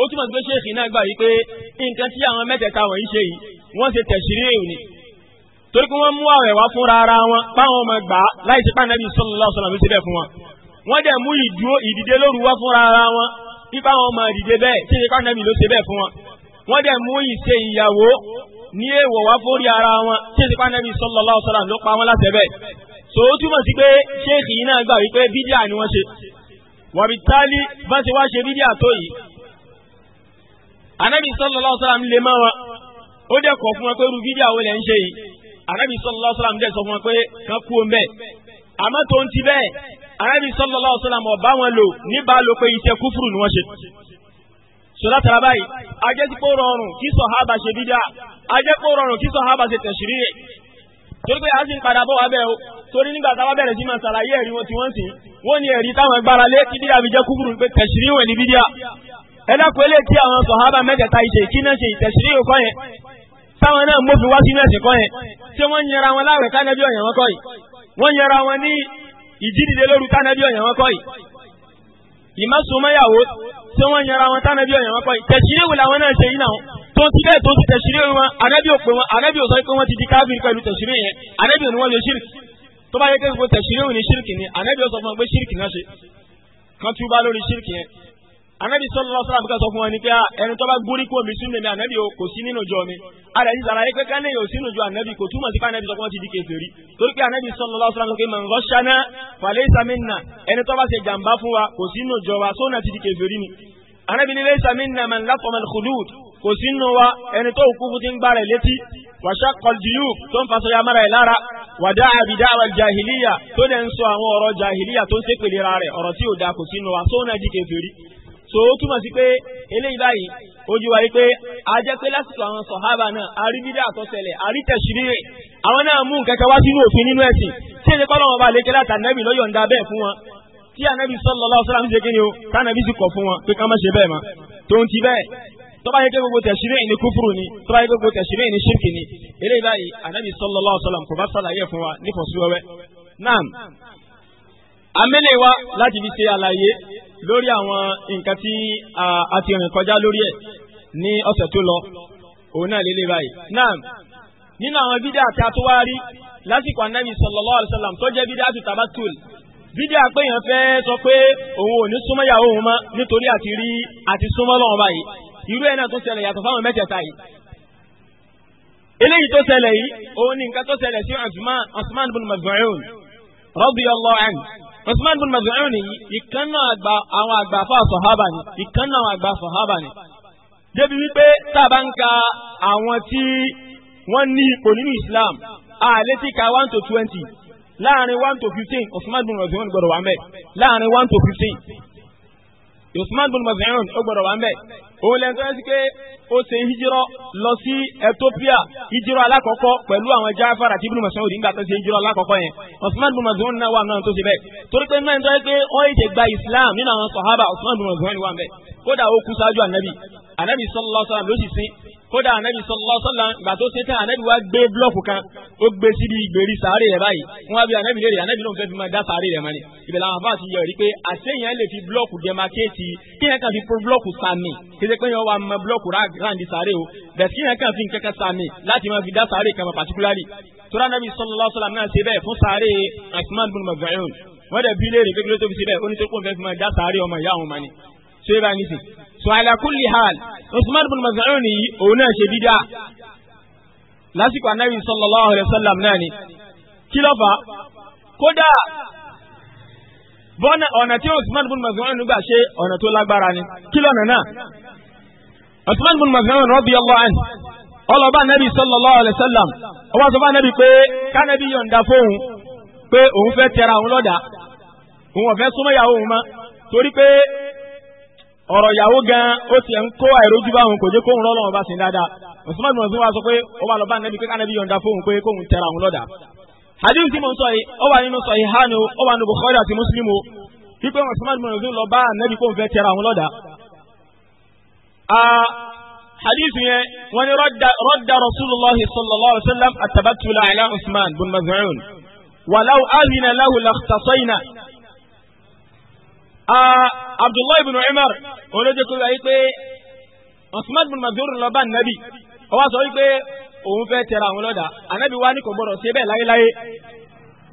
ó túmọ̀ sí pé ṣéèkì náà gbà yí pé nǹkan tí àwọn mẹ́tẹ̀ẹ̀ta wọ̀nyí ṣe yìí wọ́n ṣe tẹ̀sírí èèyàn torí pé wọ́n mú àwẹ̀ wá fúnra ara wọn páwọn ọmọ gbà á láì sí pàǹdàbí sallallahu alaihi wasallam síbẹ̀ fún wọn. wọ́n dẹ̀ mú ìdúró ìdìde lóru wá fúnra ara wọn bí páwọn ọmọ ìdìde bẹ́ẹ̀ tí ìdí pàǹdàbí ló ṣe bẹ́ẹ̀ fún wọn. wọ́n dẹ̀ mú ìṣe ìyàwó ní èèwọ̀ wá fórí ara wọn tí ìdí pàǹdàbí sallallahu alaihi ló pa wọn láṣẹ bẹ́ẹ̀. so ó sí pé ṣéèkì yìí náà gbà arábì sọlọ́lá sọlám dẹ̀ sọ fún wọn pé kán kú o mbẹ́ àmọ́ tó ń ti bẹ́ẹ̀ arábì sọlọ́lá sọlám ọ̀bá wọn lò níbà ló pé iṣẹ́ kúfùrù ni wọ́n ṣe. sọlá tara báyìí ajẹ́sípò rọrùn kí sọ̀hábà ṣe dídá ajẹ́pò rọrùn kí sọ̀hábà ṣe tẹ̀sírí rẹ̀ torí pé a sì ń padà bọ̀ wá bẹ́ẹ̀ o torí nígbà táwa bẹ̀rẹ̀ sí máa ṣàlàyé ẹ̀rí wọn tí wọ́n sìn wọ́n ní ẹ̀rí táwọn gbára lé tí bídíà fi jẹ́ kúfùrù pé tẹ̀sírí wẹ̀ ní bídíà ẹ̀dá pẹ̀lẹ́ tí àwọn sọ̀hábà mẹ́tẹ̀ẹ̀ta ìṣe kí náà ṣe ìtẹ̀sírí yòókọ́ yẹn táwọn náà mọ́fi wá sínú ẹ̀sìn kọ́ yẹn tí wọ́n yẹra wọn láwẹ̀ tánàbí ọ̀yàn wọn kọ́ yìí wọ́n yẹra wọn ní ìjídìde lóru tánàbí ọ̀yàn wọn kọ́ yìí ìmásùnmáyàwó tí wọ́n yẹra wọn tánàbí ọ̀yàn wọn kọ́ yìí tẹ̀síréwò làwọn náà ṣe yìí náà tó ti bẹ́ẹ̀ tó ti tẹ̀síréwò wọn ànábì ò pé wọn ànábì ò sọ pé wọ́n ti di káfíìn pẹ̀lú tẹ̀síréwò yẹn ànábì ò ní wọ́n ṣe ṣírìkì tó bá yẹ kí wọ́n tẹ̀síréwò ní ṣírìkì anabi sọlọ sọlọ àbúkà sọ fún wa ni pé ah, ẹni tó bá gbórí kó mi sínú mi anabi o kò sí nínú jọ mi ara yìí sara yìí pé ká lẹ́yìn òsínú jọ anabi kò túmọ̀ sí pé anabi sọ fún wa ti di kèfèrí torí pé anabi sọlọ sọlọ sọ pé mọ̀ nǹkan ṣáná falẹ́ ìsàmìnà ẹni tó bá ṣe jàǹbá fún wa kò sínú jọ wa sóun àti di kèfèrí ni anabi nílẹ̀ ìsàmìnà mọ̀ nlá fọmọ lùkùdùd kò sínú wa ẹni tó kú fún ti ń gbá rẹ̀ létí wàṣà kọlùdìyù tó ń fasọ yamara ẹ̀ lára wàdá àbídá àwọn jahiliya tó dẹ̀ ń sọ àwọn ọ̀rọ̀ jahiliya tó ń sépèlera rẹ̀ ọ̀rọ̀ tí ò da kò sínú wa sóun àti di kèfèrí so ó túmọ̀ sí pé eléyìí báyìí ojú wa yìí pé a jẹ́ pé lásìkò àwọn sọ̀hábà náà àríbídà àtọ́sẹ̀lẹ̀ àrítẹ̀síríre àwọn náà mú nǹkan kan wá sínú òfin nínú ẹ̀sìn tí èdè kọ́ lọ́wọ́ bá lè kẹ́lá tànẹ́bì lọ́yọ̀ ń da bẹ́ẹ̀ fún wọn tí ànẹ́bì sallallahu alaihi wasallam ṣe kíni o tànẹ́bì sì kọ̀ fún wọn pé ká má ṣe bẹ́ẹ̀ mọ́ tó ń ti bẹ́ẹ̀ tó bá yẹ kí gbogbo tẹ̀sírí ní kúfúrú ni tó yẹ kí gbogbo tẹ̀sírí ní ṣírkì ni eléyìí báyìí ànẹ́bì sallallahu alaihi wasallam kò bá ṣàlàyé fún wa nífọ̀síwẹ́wẹ́ náà amẹ́lẹ̀ wa láti fi ṣe àlàyé lórí àwọn nǹkan tí a ti rìn kọjá lórí ẹ̀ ní ọ̀sẹ̀ tó lọ òun náà lélẹ̀ báyìí. náà nínú àwọn bídíà tí a lásìkò anábì sallallahu alaihi wasallam tó jẹ́ bídíà tó tabatul bídíà pé èèyàn fẹ́ sọ pé òun ò ní súnmọ́ ìyàwó òun mọ́ nítorí àti rí àti súnmọ́ lọ́wọ́ báyìí irú ẹ̀ náà tó ṣẹlẹ̀ yàtọ̀ fáwọn mẹ́tẹ̀ẹ̀ta yìí eléyìí tó ṣẹlẹ̀ yìí òun ni nǹkan tó ṣẹlẹ̀ sí Usman bin Maz'un radiyallahu anhu Usman bin Maz'un yìí ìkànnà àgbà àwọn àgbà fà sọ̀hábà ni ìkànnà àwọn àgbà sọ̀hábà ni. débi wípé tá a bá ń ka àwọn tí wọ́n ní ipò nínú Islam àlẹ́ ti ka one to twenty láàrin one to fifteen Usman bin Maz'un gbọ́dọ̀ wà mẹ́ láàrin one to 15 usman bin maz'un ó gbọ́dọ̀ wà ń bẹ̀ òun lẹ́nu tó yẹ sí pé ó ṣe hijirọ́ lọ sí ethiopia hijirọ́ alákọ̀ọ́kọ́ pẹ̀lú àwọn jáfara tí ibn Mas'ud nígbà to ṣe hijirọ́ alákọ̀ọ́kọ́ yẹn usman bin maz'un náà wà náà tó ṣe bẹ́ẹ̀ torí pé náà ń tọ́jú pé ó yẹ gba islam nínú àwọn sahaba usman bin maz'un wà ń bẹ̀ kódà ó kú sáájú ànábì ànábì sallallahu alaihi wasallam ló sì sin kódà anabi sallallahu alaihi wasallam gbà tó ṣe tán anabi wá gbé blọọkù kan ó gbé síbi ìgbèrí sàárè rẹ báyìí wọn wá bí anabi léèrè anabi náà fẹẹ fi máa dá sàárè rẹ mọ́lẹ̀ ibẹ̀ làwọn afa ti yọ rí pé àtẹyìn lè fi blọọkù dẹmakéètì kí yẹn kàn fi pro blọọkù sàmì kéde pé yẹn wà mọ blọọkù ráàndì sàárè o bẹ́ẹ̀ kí yẹn kàn fi nǹkan kan sàmì láti máa fi dá sàárè kan mọ pàtíkúlárì tóra anabi sallallahu alaihi wasallam náà ṣe bẹ́ẹ̀ fún sàárè Usman bin Maz'un wọ́n dẹ̀ bí léèrè pé kí ló tóbi ṣe bẹ́ẹ̀ ó ní tó kó fẹ́ fi máa dá sàárè ọmọ ìyá àwọn ọmọ ni ṣé báyìí nísìnyí so ala kulli hal usman bin maz'un yìí òun náà ṣe bídà lásìkò anabi sallallahu alayhi wa sallam náà ni kí ló fà kódà bọ́nà ọ̀nà tí usman bin maz'un gbà ṣe ọ̀nà tó lágbára ni kí lọ́nà náà usman bin maz'un radiyallahu anhu ọlọ́ba anabi sallallahu alayhi wa sallam ọba sọ fún anabi pé kánabi yọ̀ǹda fóun pé òun fẹ́ tẹra òun lọ́dà òun ọ̀fẹ́ súnmọ́ ìyàwó òun mọ́ torí pé ọ̀rọ̀ ìyàwó gan ó tiẹ̀ ń kó àìrójú bá òun kò jẹ́ kóun rọ́lọ́ ọba sí dáadáa Usman mọ̀sán wa sọ pé ó wà lọ́ba nẹ́bí kíkà nẹ́bí yọ̀ǹda fóun pé kóun tẹ̀ra òun lọ́dà. hadith tí mo ń sọ yìí ó wà nínú sọ ìhánu ó wà nínú Bukhari àti Muslim o wípé Usman mọ̀sán lọ bá nẹ́bí kóun fẹ́ tẹ̀ra òun lọ́dà. hadith yẹn wọ́n ní radda Rasulullah sallallahu alaihi wasallam at Ah, abdullahi ibn umar olóde kó wáyé pé osman ibn mazur lọ bá nàbì ó wá sọ wípé òun fẹ́ tẹ̀ra àwọn lọ́dà ànábì wa ní kò gbọ́dọ̀ ṣe bẹ́ẹ̀ láyéláyé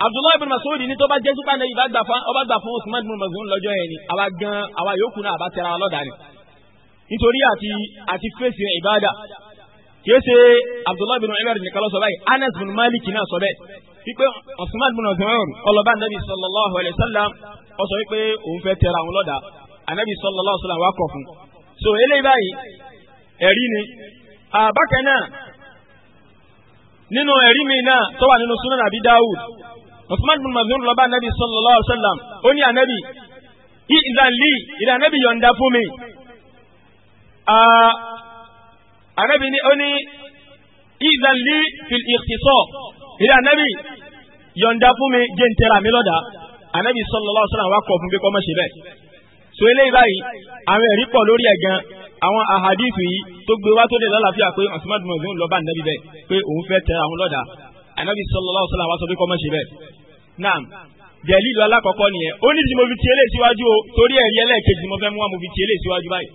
abdullahi ibn mas'ud ni tó bá jẹ́ sípà nàbì ọba gbà fún osman ibn mazur lọ́jọ́ yẹn ni àwa gan àwa yòókù náà àbá tẹ̀ra lọ́dà ni nítorí àti àti fèsì ìbáàdà kìí ṣe abdullahi bin umar nìkan ló sọ báyìí anas bin malik náà sọ bẹ́ẹ̀ wípé osman bin mazur ọlọ́ba ó sọ wípé òun fẹ́ tẹra àwọn lọ́dà anabi sallallahu alaihi wasallam wá kọ̀ fún so eléyìí báyìí ẹ̀rí ni àbákan náà nínú ẹ̀rí mi náà tó wà nínú sunan abi dawud usman bin lọ́ba anabi sallallahu alaihi wasallam ó ní anabi ìdánlí ìdánẹ́bí yọ̀ǹda fún mi anabi ni ó ní ìdánlí fil ikhtisọ́ ìdánẹ́bí yọ̀ǹda fún mi jẹ́ ń tẹra mi lọ́dà anabi sallallahu alaihi wasallam wá kọ̀ fún pé kó má ṣe bẹ́ẹ̀ so eléyìí báyìí àwọn ẹ̀rí pọ̀ lórí ẹ̀ gan àwọn ahadithu yìí tó gbé wá tó lè lálàáfíà pé Usman bin Maz'un lọ bá anabi bẹ́ẹ̀ pé òun fẹ́ tẹ àwọn lọ́dà anabi sallallahu alaihi wasallam wá sọ pé kó má ṣe bẹ́ẹ̀ naam dẹ̀lílù alákọ̀ọ́kọ́ nìyẹn ó ní tí fi ti eléyìí síwájú o torí ẹ̀rí ẹlẹ́ẹ̀kejì mo fẹ́ mú wa mo fi ti eléyìí síwájú báyìí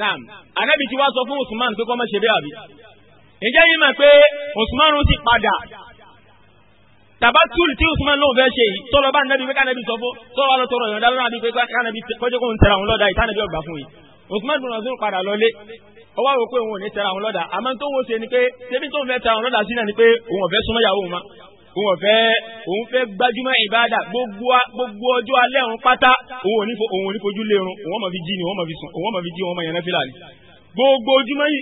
naam anabi ti wá sọ fún Usman pé kó má ṣe bẹ́ẹ̀ àbí ǹjẹ́ yín mọ̀ pé Usman ti padà tabatulu tí usman lóun fẹ́ ṣe yìí tọrọ bá nàbí pé kánàbí sọ fún tọrọ wà lọ tọrọ yọ̀ǹda lọ́nà àbí pé kánàbí kọjọ́ kó ń tẹ̀ra òun lọ́dà yìí tánàbí ọgbà fún yìí usman bin rasul padà lọlé ó wá wò pé òun ò ní tẹ̀ra òun lọ́dà àmọ́ tó wò ṣe ni pé ṣébí tó ń fẹ́ tẹ̀ra òun lọ́dà sí náà ni pé òun ọ̀fẹ́ súnmọ́ ìyàwó ma òun ọ̀fẹ́ òun fẹ́ gbájúmọ́ ìbáàdà gbogbo ọjọ́ alẹ́ òun pátá òun ò ní fojú lérun òun ọmọ fi jí ni òun ọmọ fi sùn òun ọmọ fi jí òun ọmọ yẹn náà fi làlẹ́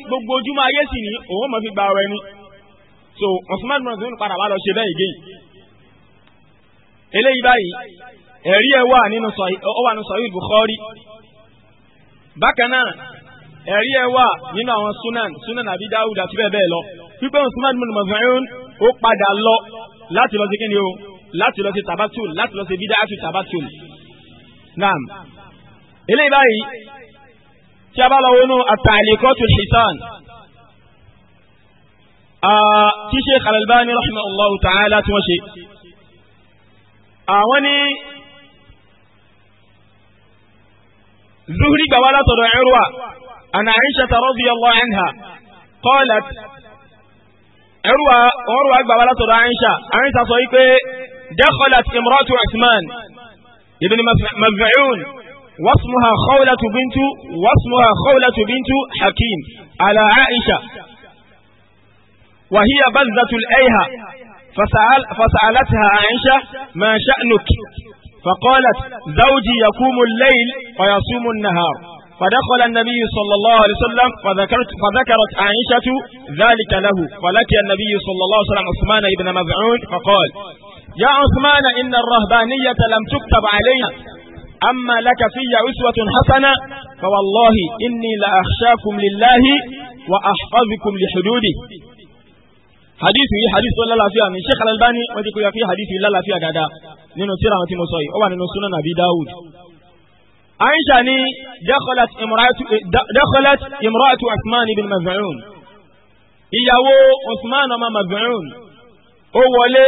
gbogbo ojúmọ́ ayé sì ni òun ọmọ fi gba ọ̀rọ̀ ẹni so Usman bin rasul padà wá lọ ṣe bẹ́ẹ̀ ìgéyìí eléyìí báyìí ẹ̀rí ẹ̀ wà nínú sọ̀hìn Bukhari bákan náà ẹ̀rí ẹ̀ wà nínú àwọn sunan sunan àbí Dawud àti bẹ́ẹ̀ bẹ́ẹ̀ lọ wípé Usman bin Maz'un ó padà lọ láti lọ sí kí ni o láti lọ sí tabatul láti lọ sí bídáàtú tabatul naam eléyìí báyìí tí a bá lọ wọnú àtàlẹ́kọ́tù hisan tí Sheikh Al-Albani rahimahullahu ta'ala tí wọ́n ṣe àwọn ah, ní zuhri gbà wá látọ̀dọ̀ Urwa an Aisha radiyallahu anha qalat Urwa Urwa gbà wá látọ̀dọ̀ Aisha Aisha sọ wípé dakhalat imratu Uthman ibn Maz'un واسمها خولة بنت واسمها خولة بنت حكيم على عائشة وهي بذة الأيهة فسأل فسألتها عائشة ما شأنك فقالت زوجي يقوم الليل ويصوم النهار فدخل النبي صلى الله عليه وسلم فذكرت, فذكرت عائشة ذلك له فلقي النبي صلى الله عليه وسلم عثمان بن مزعون فقال يا عثمان إن الرهبانية لم تكتب علينا أما لك في أسوة حسنة فوالله إني لأخشاكم لله وأحفظكم لحدوده hadith yìí hadith tó lálàáfíà ní Sheikh Al-Albani wọ́n ti kó yà pé hadith yìí lálàáfíà dáadáa nínú tíra àwọn tí mo sọ yìí ó wà nínú Sunan Abi Dawud. Aisha ni dakhalat imra'atu dakhalat imra'atu Usman ibn Maz'un ìyàwó Usman ọmọ Maz'un ó wọlé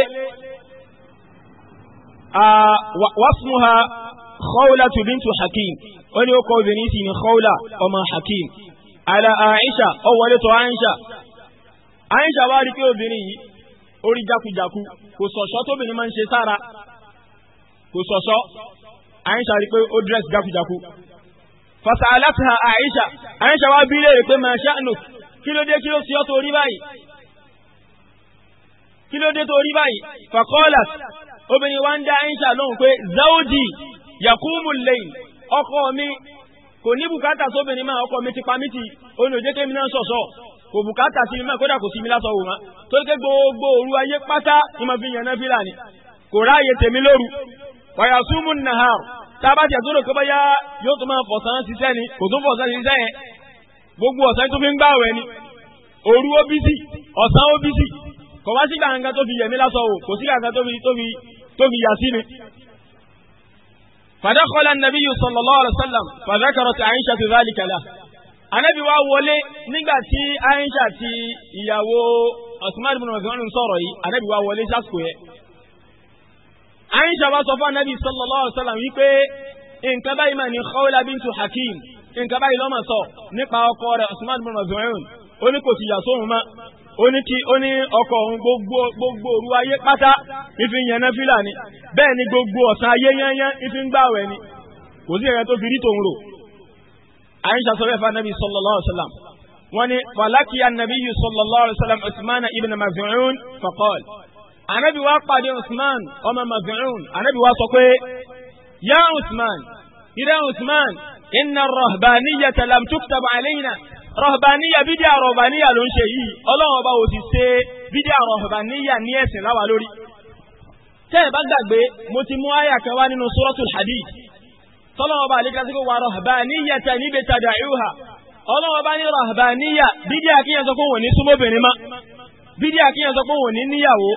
wasmuha Khawlatu bintu Hakim ó ní ó kọ obìnrin sì ní Khawla ọmọ Hakim ala Aisha ó wọlé tó Aisha. àyíṣà wá rí pé obìnrin yìí ó jákujàku kò sọ̀ṣọ́ tóbìnrin máa ń ṣe sára kò sọ̀ṣọ́ àyíṣà rí pé ó dírẹ́sì jákujàku. fàṣà aláṣà àyíṣà àyíṣà wá bí pé kí ló dé kí ló tó kí ló dé tó rí báyìí obìnrin yakumu lẹ́yìn mi kò ní máa mi ti pa mí ti kò bùkátà sí mi máa kódà kò sí mi lásọ̀ wò má tó ké gbogbo òru ayé pátá ni mo fi yàn náà fílà ni kò ráàyè tèmi lóru wàyà súnmù nàá tá a bá tiẹ̀ tó rò pé báyà yóò tó máa fọ̀sán ṣiṣẹ́ ni kò tó fọ̀sán ṣiṣẹ́ yẹn gbogbo ọ̀sán tó fi ń gbàwẹ̀ ni òru ó ọ̀sán ó kò wá sí gbàǹgà tó fi yẹ̀mí lásọ̀ kò sí gbàǹgà tó fi yà sí mi. فدخل النبي صلى الله عليه وسلم فذكرت عائشة ذلك له anabi wa wọlé nígbà tí aisha ti ìyàwó osman bin osman ń sọ̀rọ̀ yìí anabi wa wọlé sásìkò yẹ aisha wa sọ fún anabi sallallahu alaihi wasallam wípé nǹkan báyìí mà ní khawla bintu hakim nǹkan báyìí lọ́mọ sọ nípa ọkọ rẹ̀ osman bin osman ó ní kò sì yà sóhun mọ́ ó ní kí ó ní ọkọ òun gbogbo gbogbo òru ayé pátá ìfi yànnà fílà ni bẹ́ẹ̀ ni gbogbo ọ̀sán ayé yányán ìfi ń gbààwẹ̀ ni kò sí ẹ̀yẹ tó fi rí tòun rò aisha sọ bẹ́ẹ̀ fún anabi sallallahu alayhi wa sallam wọ́n ní falaki anabi yi sallallahu alayhi wa sallam usman ibn maz'un faqal anabi wa pàdé usman ọmọ maz'un anabi wa sọ pé ya usman ira usman inna rahbaniyata lam tuktab alayna rahbaniya bídíà rahbaniya ló ń ṣe yìí ọlọ́run ọba ò ti ṣe bídíà rahbaniya ní ẹ̀sìn láwa lórí tẹ́ ẹ̀ bá gbàgbé mo ti mú àyà kan wá nínú suratul hadid tọ́lọ́wọ́ bá àlékí lásìkò wà rọ̀hbàníyà tẹ̀ níbi tàdà ìhà ọlọ́wọ́ bá ní rọ̀hbàníyà bídí àkíyàn sọ pé wọ́n ní súnmọ́bìnrin má bídí àkíyàn sọ pé wọ́n ní níyàwó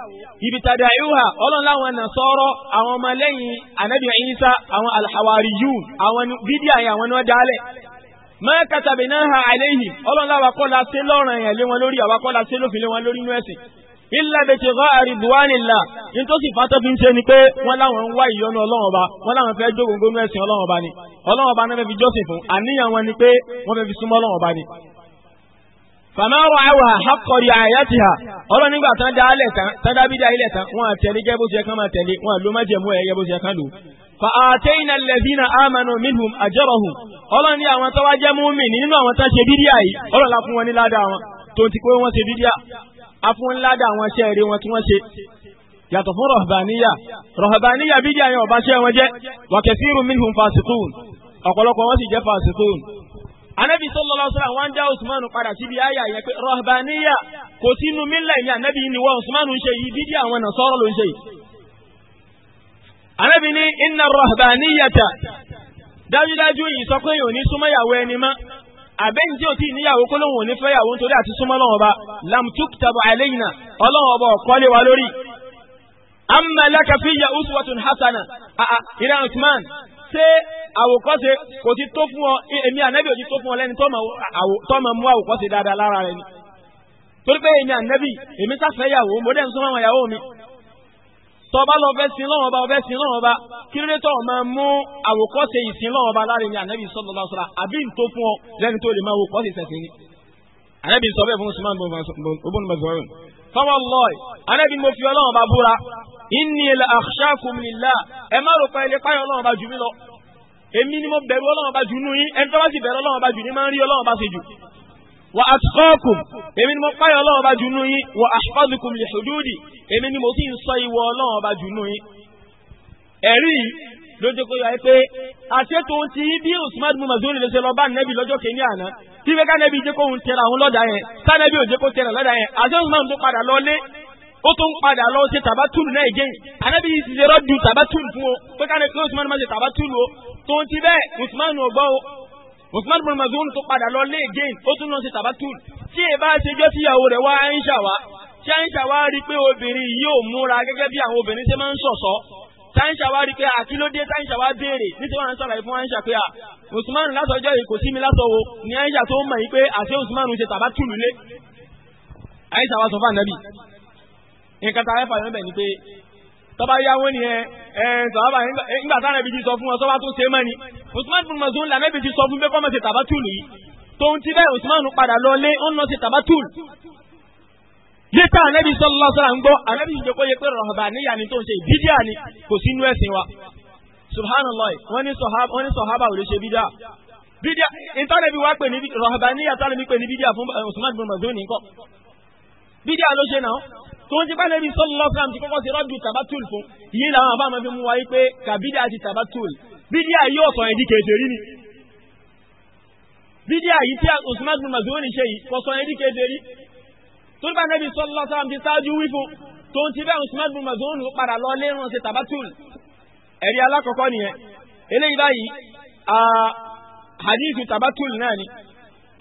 ibi tàdà ìhà ọlọ́run láwọn ẹ̀nà sọ́rọ́ àwọn ọmọlẹ́yìn ànábì Ìsá àwọn alhawariyun àwọn bídí àyà àwọn náà dálẹ̀ máa kàtàbí náà ha àléhìn ọlọ́run láwọn akọ́lá sí lọ́rùn ilẹ̀ bẹ̀tẹ̀ rọ àrídùánilà nítòsí fàtọ́ fi ń ṣe ni pé wọ́n láwọn ń wá ọba wọ́n láwọn fẹ́ jókòó nínú ẹ̀sìn ni ọlọ́run ọba náà fẹ́ fi jọ́sìn fún àníyàn wọn ni pé wọ́n fẹ́ ni. fàmáwọ̀ àwà akọ̀rì àyàtì hà ọlọ́run nígbà tán dá alẹ̀ tán tán dábí dá ilẹ̀ tán wọ́n àtẹ̀lé gẹ́gẹ́ bó afúnládà àwọn iṣẹ́ eré wọn tí wọ́n ṣe yàtọ̀ fún rọ̀hbàníyà rọ̀hbàníyà bídí àyàn ọba ṣẹ́ wọn jẹ́ wàkẹ́sírù minhum fasikun ọ̀pọ̀lọpọ̀ wọn sì jẹ́ fasikun. anabi sallallahu alaihi wasallam wọn dá usman padà síbi ayé àyẹ pé rọ̀hbàníyà kò sínú mílẹ̀ ní anabi ni wọn usman ń ṣe yìí bídí àwọn náà ló ń ṣe anabi ní inna rọ̀hbàníyàta dájúdájú yìí sọ pé yòó ní súnmọ́ yàwó ẹni mọ́ àbẹ́yìn tí ò tí níyàwó kó lóhun òní fẹ́yàwó nítorí àti súnmọ́ lọ́wọ́ bá lamtuk tabo aleyna ọlọ́wọ́ ọba ọ̀kọ́lé wa lórí. amma laka fiyya uswatun hasana ìran usman ṣé àwòkọ́ṣe kò ti tó fún ọ èmi ànábì ò ti tó fún ọ lẹ́ni tó máa mú àwòkọ́ṣe dáadáa lára rẹ ni. torí pé èmi ànábì èmi sáfẹ́yàwó mo dẹ́ ń súnmọ́ àwọn ìyàwó mi tọba lọ fẹ́ sin lọ́wọ́ ọba ọfẹ́ sin lọ́wọ́ ọba kí ló dé tọ́ máa mú àwòkọ́ṣe ìsin lọ́wọ́ ọba láàrin ní ànábì sọ́dọ̀ lọ́wọ́ sọ́ra àbí ń tó fún ọ lẹ́ni tó lè máa wòkọ́ṣe ìsẹ̀sìn ni. ànábì sọ bẹ́ẹ̀ fún usman ibn mazun fọwọ́ lọ́ọ̀ ànábì mo fi ọlọ́wọ́ ọba búra inni la akhshakum lillah ẹ má rò pa ilé páyọ̀ ọlọ́wọ́ jù mí lọ èmi ni mo bẹ̀rù ọlọ́wọ́ ọba jù nù yín ẹni tó bá sì bẹ̀rù ọlọ́wọ́ ọba jù ní máa rí ọlọ́wọ́ ọba sì jù wa atqakum èmi ni mo páyọ̀ ọlọ́run ọba jù nú yín wa ahfazukum li hududi èmi ni mo sì ń sọ ìwọ ọlọ́run ọba jù nú yín. ẹ̀rí lójókòó yọ pé àṣetò ti bí Usman bin Mazun lè ṣe lọ bá nẹ́bí lọ́jọ́ kìíní àná tí fẹ́ ká nẹ́bí jẹ́ kó ń tẹ̀ra àwọn lọ́dà yẹn tá nẹ́bí ò jẹ́ kó tẹ̀ra lọ́dà yẹn àṣẹ Usman tó padà lọ lé ó tún padà lọ ṣe tàbátùlù náà ìjẹyìn ànábì yìí ti ṣe rọ́ọ̀dù tàbátùlù fún o pé ká nẹ́bí Usman má ṣe tàbátùlù o tó ń ti bẹ́ẹ̀ Usman ò gbọ́ o Usman bin Mazun tó padà lọ lé again ó tún lọ sí tabatul tí ẹ bá ṣe jẹ́ tíyàwó rẹ̀ wá Aisha wá tí Aisha wá rí i pé obìnrin yìí ò múra gẹ́gẹ́ bí àwọn obìnrin ṣe máa ń ṣọ̀ṣọ́ tí Aisha wá rí i pé àkílódé tí Aisha wá béèrè nítorí wọn sọ̀rọ̀ fún Aisha pé Usman látọjọ́ yìí kò sí mi látọwọ́ ni Aisha tó mọ̀ yìí pé àti Usman ṣe tabatul lé Aisha wá sọ fún ànábì nǹkan tá a fẹ́ fà tọ́ba yá wọ́n ni ẹ ẹ sọ̀rọ̀bà ńgbà táwọn ẹbí ti sọ fún wọn sọ́ba tó ṣe é mọ́ Usman bin Mazun làmẹ́ bí ti sọ fún bẹ́kọ́ mọ̀ọ́sẹ̀ tabatulu yìí tóun ti bẹ́ẹ̀ Usman padà lọ lé ó ń lọ sí tabatulu. yíta anabi sallallahu alaihi ń gbọ́ anabi ti jẹ́kọ́ yẹ pé rọ̀hàbàníyà ni tó ń ṣe bídíà ni kò sínú ẹ̀sìn wa subhanallah wọ́n ní sọ̀hábà ò lè ṣe bídíà bídíà ìtànàbí wa pè ní rọ̀hàbàníyà tànàbí pè ní bídíà fún Usman bin Mazun nìkan bídíà ló ṣe náà tó ń ti pálẹ̀ bí sallallahu alaihi wasallam ti kọ́kọ́ sí rọ́dù tabatul fún yìí làwọn àbá máa fi mú wa yí pé kàbídà àti tabatul bídíà yìí ọ̀sọ̀ yẹn di kèfèrí ni bídíà yìí tí Usman bin Mazuni ṣe yìí kọ̀sọ̀ yẹn di kèfèrí tó ń pálẹ̀ bí sallallahu alaihi wasallam ti sáájú wí fún tó ń ti bẹ́ẹ̀ Usman bin Mazuni padà lọ lẹ́rùn ṣe tabatul ẹ̀rí alákọ̀ọ́kọ́ nìyẹn eléyìí báyìí hadithu tabatul náà ni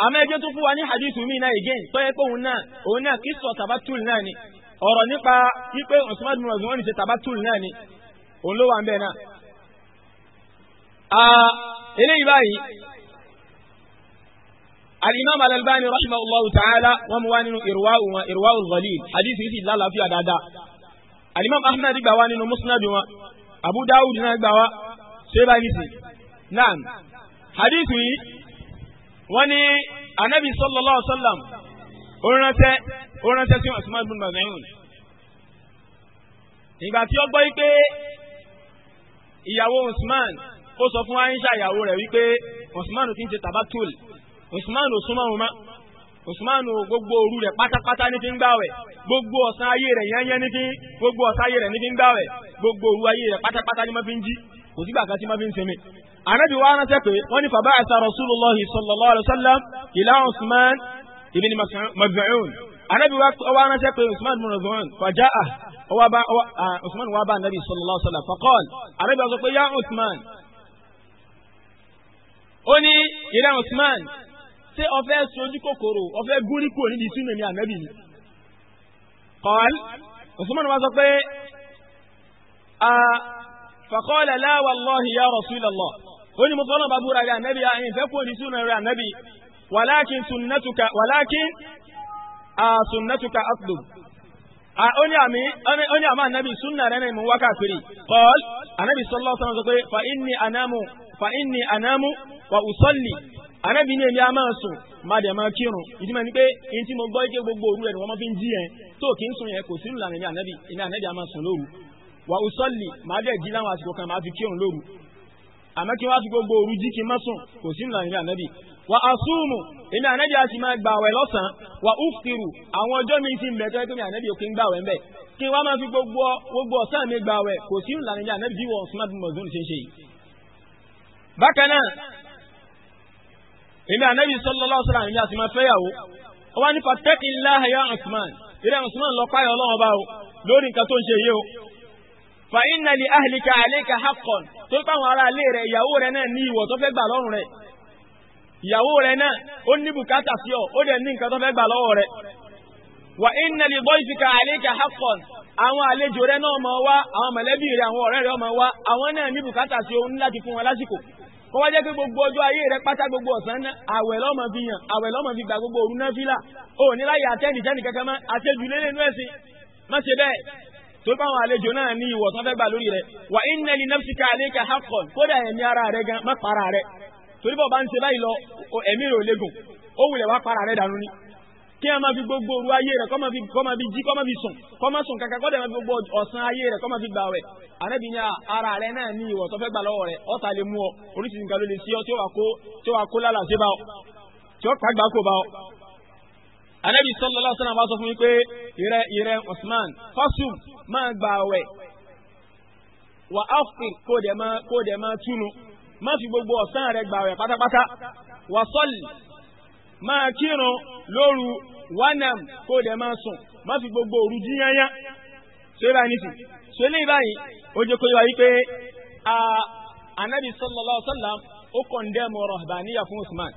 àmọ́ ẹjọ́ tó fún wa ní hadithu mi náà again tó yẹ pé òun náà òun náà kí sọ tabatul náà ni ọ̀rọ̀ nípa wípé Usman bin Mazun wọ́n ní ṣe tabatul náà ni òun ló wà ń bẹ̀ náà. Ah, eléyìí báyìí al-imam al-albani rahimahullahu ta'ala wọ́n mú wá nínú irwa'u wọn irwa'u al-ghalil hadith yìí sì lálàáfíà dáadáa. al-imam ahmed gbà wá nínú musnad wọn abu dawud náà gbà wá ṣé bá ní sí. yìí wọ́n ní anabi sallallahu alaihi wa sallam orin rántẹ́ orin rántẹ́ sí Usman bin Mazun ìgbà tí ó gbọ́ wípé ìyàwó Usman ó sọ fún Aisha ìyàwó rẹ̀ wípé Usman ti ń ṣe tabatul Usman ò súnmọ́ òun mọ́ Usman gbogbo òru rẹ̀ pátápátá ní fi ń gbàwẹ̀ gbogbo ọ̀sán ayé rẹ̀ yányán ní fi gbogbo ọ̀sán ayé rẹ̀ ní fi ń gbàwẹ̀ gbogbo òru ayé rẹ̀ pátápátá ní ma fi ń jí kò sígbà kan tí ma fi ń sinmi. Ànábì wa ránṣẹ́ pé wọ́n ní bàbá àṣà Rasulullah sallallahu alaihi wasallam ìlà Usman ibn Maz'un Ànábì wa ránṣẹ́ pé Usman ibn fàjá wá bá Usman wá bá nabi sallallahu alaihi wasallam faqal anabi sọ pé ya Usman ó ní ìrẹ Usman ṣé o fẹ́ sojú kòkòrò o fẹ́ gúrí kúrò nídìí sínú mi ànábì ni qal Usman wá sọ pé faqala la wallahi ya rasulallah ó ní mo tọ́nà onye àmì anabi sunna rẹ ni mo wá káàkiri anabi sọlọ sọ́nà sọ pé fa anamu fa anamu wa usalli anabi ní èmi a máa sùn má dẹ̀ máa kírun ìdí máa ní pé n ike gbogbo òru rẹ̀ ni wọ́n máa fi ń jí yẹn tó kì í sùn yẹn kò lànà anabi ní anabi a wa má di láwọn àsìkò kan má fi kírun lóru àmọ́ kí gbogbo òru jí kí n má sùn kò lànà wà á súnmù èmi ànábì àti máa gbà wẹ̀ lọ́sàn-án wà á ùfìrù àwọn ọjọ́ mi ti ń bẹ̀ tó yẹ kí mi ànábì òkè ń gbà wẹ̀ ń bẹ̀ kí wọ́n máa fi gbogbo ọ̀sán mi gbà wẹ̀ kò sí ìlànà ìjà ànábì bí wọ́n Usman bin Mazun ṣe ń ṣe yìí. bákan náà èmi ànábì sallallahu alaihi wasallam èmi àti máa fẹ́yàwó ó wá ní fattaqillaha ya Usman ilé Usman lọ páyọ̀ ọlọ́run bá o lórí nǹkan tó ń ṣe yìí o fa inna li ahlika alayka haqqan tó pàwọn ará ilé rẹ̀ ìyàwó rẹ náà ó ní bùkátà sí ọ ó dẹ̀ ní nǹkan tó fẹ́ gbà lọ́wọ́ rẹ. wà inna li dayfika alayka haqqan àwọn àlejò rẹ náà máa wá àwọn mọ̀lẹ́bí rẹ àwọn ọ̀rẹ́ rẹ máa wá àwọn náà ní bùkátà sí ohun láti fún wọn lásìkò. kó wá jẹ́ pé gbogbo ọjọ́ ayé rẹ pátá gbogbo ọ̀sán náà àwẹ̀ ló máa fi yàn àwẹ̀ ló máa fi gbà gbogbo òru náà fílà àwọn àlejò náà ní ìwọ̀sán fẹ́ gbà lórí rẹ̀ wà inna li nafsika alayka haqqan kódà ẹ̀mí ara rẹ̀ gan má para rẹ̀ torí bọ̀ bá ń ṣe báyìí lọ ẹ̀mí rẹ̀ ò légun ó wulẹ̀ wá para rẹ̀ dànù ni kí a máa fi gbogbo òru ayé rẹ̀ kọ́ máa fi kọ́ máa fi jí kọ́ máa fi sùn kọ́ máa sùn kankan kọ́ dẹ̀ máa fi gbogbo ọ̀sán ayé rẹ̀ kọ́ máa fi gbààwẹ̀ àrẹ́bí ni ara rẹ̀ náà ní ìwọ̀ tó fẹ́ gbà lọ́wọ́ rẹ̀ ọ̀tá lè mú ọ oríṣiríṣi nǹkan ló lè sí ọ tí ó wà kó tí ó wà kó lálà sí bá ọ tí ó pàgbà kó bá ọ. àrẹ́bí sallallahu alaihi wasallam bá sọ fún mi pé ìrẹ ìrẹ Usman fasum máa gbààwẹ̀ wà áfíì kó dẹ̀ máa túnu má fi gbogbo ọ̀sán rẹ̀ gbààwẹ̀ pátápátá wàsọ́lì máa kírun lóru wánàm kó dẹ̀ máa sùn má fi gbogbo òru jíyányá ṣe báyìí nìsí ṣe lè báyìí ó jẹ́ kó yọ wáyé pé anabi sallallahu alaihi wasallam ó kọ̀ndẹ́mù rahbaniya fún usman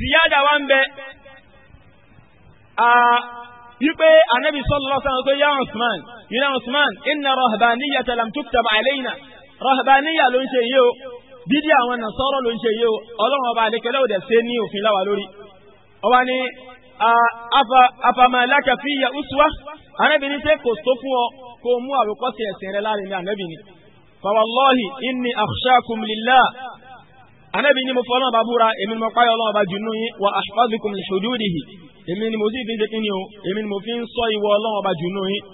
ziyada wa ń bẹ wípé anabi sallallahu alaihi wasallam pé yá usman yìí náà usman inna rahbaniyata lam tuktab alayna rahbaniya ló ń ṣe yìí o dídí àwọn nàṣọ́rọ̀ ló ń ṣe yìí o ọlọ́run ọba àdékẹ́lẹ́ ò dẹ̀ ṣe ní òfin láwa lórí ọba ní afamalaka fiya uswa arábìnrin ṣe kò tó fún ọ kó mú àwòkọ́sí ẹ̀sìn rẹ láàrin ní ànábìnrin fawallahi inni akhshakum lillah anabi ni mo fọ ọlọ́run ọba búra èmi ni mo páyọ ọlọ́run ọba jù yín wa ahfazukum li èmi ni mo sì fi ṣe kí ni o èmi ni mo fi ń sọ ìwọ ọlọ́run ọba jù yín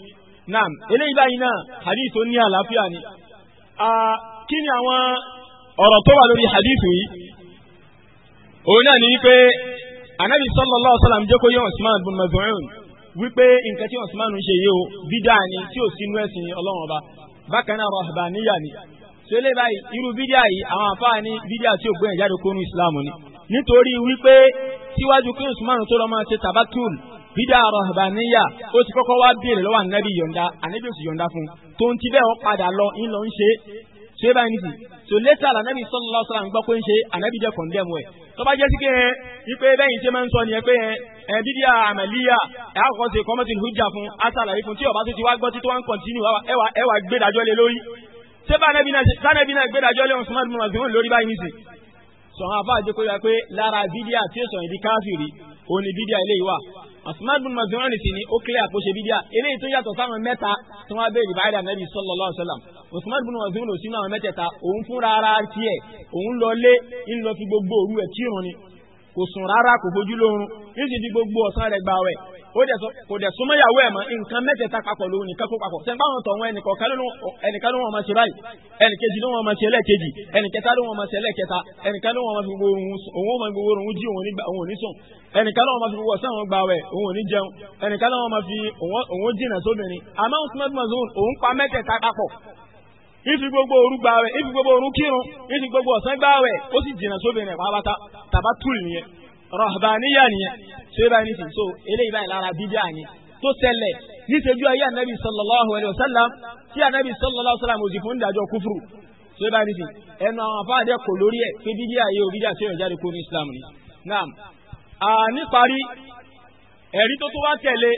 naam eléyìí báyìí náà hadith tó ní àlàáfíà ni kí ni àwọn ọ̀rọ̀ tó wà lórí hadith yìí òun náà ni wípé anabi sallallahu alaihi wasallam jókòó yẹ Usman bin Maz'un wípé nǹkan tí Usman ń ṣe yìí o bídà ni tí ò sínú ẹ̀sìn ọlọ́run ọba bákan náà rahbaniyya ni tó lè báyìí irú bídà yìí àwọn àfáà ní bídà tí ò gbẹ̀yìn jáde kónú Islam ni nítorí wípé síwájú kí Usman tó lọ máa ṣe tabatul bídà rahbaniyya ó ti kọ́kọ́ wá béèrè lọ́wọ́ ànábì yọ̀ǹda ànábì yọ̀ǹda fún tó ń ti bẹ́ẹ̀ ó padà lọ ń lọ ń ṣe ṣé báyìí nìsí so lẹ́tà ànábì sallallahu alaihi wasallam ń gbọ́ pé ń ṣe ànábì jẹ́ kọ̀ǹdẹ́mù ẹ̀ tó bá jẹ́ sí pé ipe bẹ́yìn ṣe máa ń sọ nìyẹn pé ẹ bídíà àmàlíyà ẹ àkọ́kọ́ ṣe kọ́mọ́tì hujja fún àtàlàyé fún tí ọba tó ti wá gbọ́ títí wá ń kọ̀ntínú ẹ wà gbẹ́dájọ́ lé lórí ṣé báyìí náà gbẹ́dájọ́ lé Usman bin Maz'un lórí báyìí nìsí sọ̀rọ̀ àbá àjẹkọ̀ọ́ yà pé lára bídíà tí ó sọ̀rọ̀ ìdí káfìrí òun ni bídíà eléyìí wà Usman bin Maz'un sì ni ó kílẹ̀ àpòṣe bídíà eléyìí tó yàtọ̀ sáwọn mẹ́ta tí wọ́n béèrè báyìí dà nẹ́bí sallallahu alaihi wasallam Usman bin Maz'un ò sínú àwọn mẹ́tẹ̀ẹ̀ta òun fúnra ara tiẹ̀ òun lọ lé ń lọ fi gbogbo òru ẹ̀ kírun ni kò sùn rárá kò fojú lóorun ń sì fi gbogbo ọ̀sán rẹ̀ gbààwẹ̀ kò dẹ̀ súnmọ́ ìyàwó ẹ̀ mọ́ nǹkan mẹ́tẹ̀ẹ̀ta papọ̀ ló nìkan kó papọ̀ sẹ́ńpá wọn tọ̀ wọn ẹnìkan ló wọn máa ṣe báyìí ẹnìkejì ló wọn máa ṣe ẹlẹ́ẹ̀kejì ẹnìkẹta ló wọn máa ṣe ẹlẹ́ẹ̀kẹta ẹnìkan ló wọn máa fi gbogbo òun máa gbogbo òun jí òun ní sùn ẹnìkan ló wọn máa fi gbogbo ọ̀sán àwọn gba ẹ̀ òun ní jẹun ẹnìkan ló ifi gbogbo òru gba rẹ̀ ifi gbogbo òru kírun ifi gbogbo ọ̀sán gba rẹ̀ ó sì jìnà sóbìnrin ẹ̀ pàápàá tàbá túlù nìyẹn rọ̀hbàníyà nìyẹn ṣé báyìí ní sùn so eléyìí báyìí lára bídíà ni tó ṣẹlẹ̀ níṣẹ́jú ayé ànábì sallallahu alayhi wa sallam tí ànábì sallallahu alayhi wa sallam òsì fún ìdájọ́ kúfùrù ṣé báyìí ní sùn ẹnu àwọn afáàdé kò lórí ẹ̀ pé bídíà yìí ò bídíà tí yóò jáde kó ní islam ni. naam níparí ẹ̀rí tó tó wá tẹ̀lé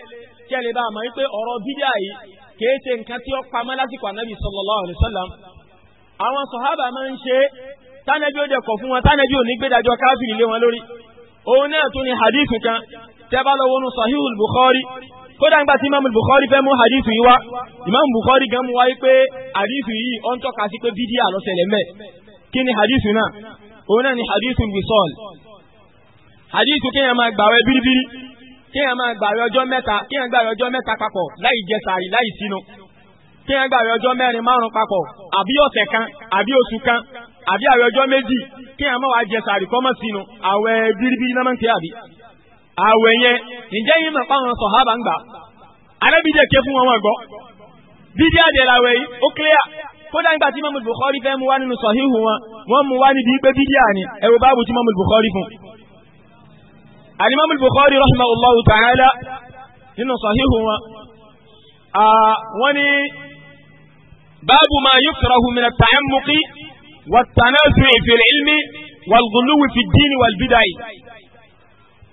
kẹ́lẹ́ bá a mọ̀ pé ọ̀rọ̀ bídíà yìí kìí ṣe nǹkan tí ó pamọ́ lásìkò ànábì sallallahu alayhi wa sallam àwọn sàhábà òun náà tún ni hadith kan tẹ́ lọ wọnú sahihu bukhari kódà tí imam bukhari fẹ́ mú hadith yìí wá imam bukhari gan mú wáyé pé hadith yìí ó ń tọ́ka sí pé mẹ́ kí ni hadith náà òun náà ni hadith wisol hadith kéèyàn máa gbààwẹ̀ bíríbírí kéèyàn máa gbààwẹ̀ ọjọ́ mẹ́ta kéèyàn gbààwẹ̀ ọjọ́ mẹ́ta papọ̀ láì jẹ láì sínú kéèyàn kan àbí oṣù kan àbí àwẹ̀ ọjọ́ méjì kí àmọ́ wàá jẹ sàárì kọ́ mọ́ sínú àwẹ̀ biribiri náà máa ń pè àbí. àwẹ̀ yẹn ǹjẹ́ yín mọ̀ páwọn sàhábà ń gbà arábìjẹ́ ké fún wọn wọn gbọ́ bídí àdèrè àwẹ̀ yìí ó clear kódà nígbà tí Imam Bukhari fẹ́ mu wá nínú sọ̀híhù wọn wọ́n mu wá níbi pé bídí àní ẹ̀rọ báàbù tí Imam Bukhari fún. alimami Bukhari rahimahullahu ta'ala nínú sọ̀híhù wọn wọ́n ní báàbù ma yukrahu wàtánásù في العلم والغلو في الدين wàlbídàì.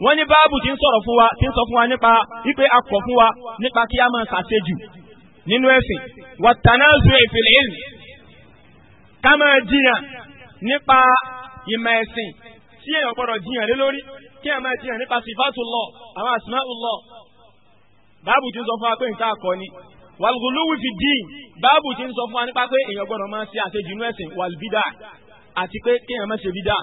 wọ́n ní báàbù tí ń sọ̀rọ̀ fún wa tí ń sọ fún wa nípa wípé a kọ̀ fún wa nípa kí a máa ṣàṣejù nínú ẹ̀sìn wàtánásù ìfèrè ilmi. ká máa jiyàn nípa ìmọ̀ ẹ̀sìn tí èèyàn gbọ́dọ̀ jiyàn lé lórí kí èèyàn máa jiyàn nípa sifatullah àwọn asmaullah báàbù tí ń sọ fún wa pé nǹkan àkọ́ni wàlgùlùwì fi dín báàbù ti ń sọ fún wa nípa pé èèyàn gbọ́dọ̀ máa ṣe àṣejù inú ẹ̀sìn wàlbídà àti pé kéèyàn máa ṣe bídà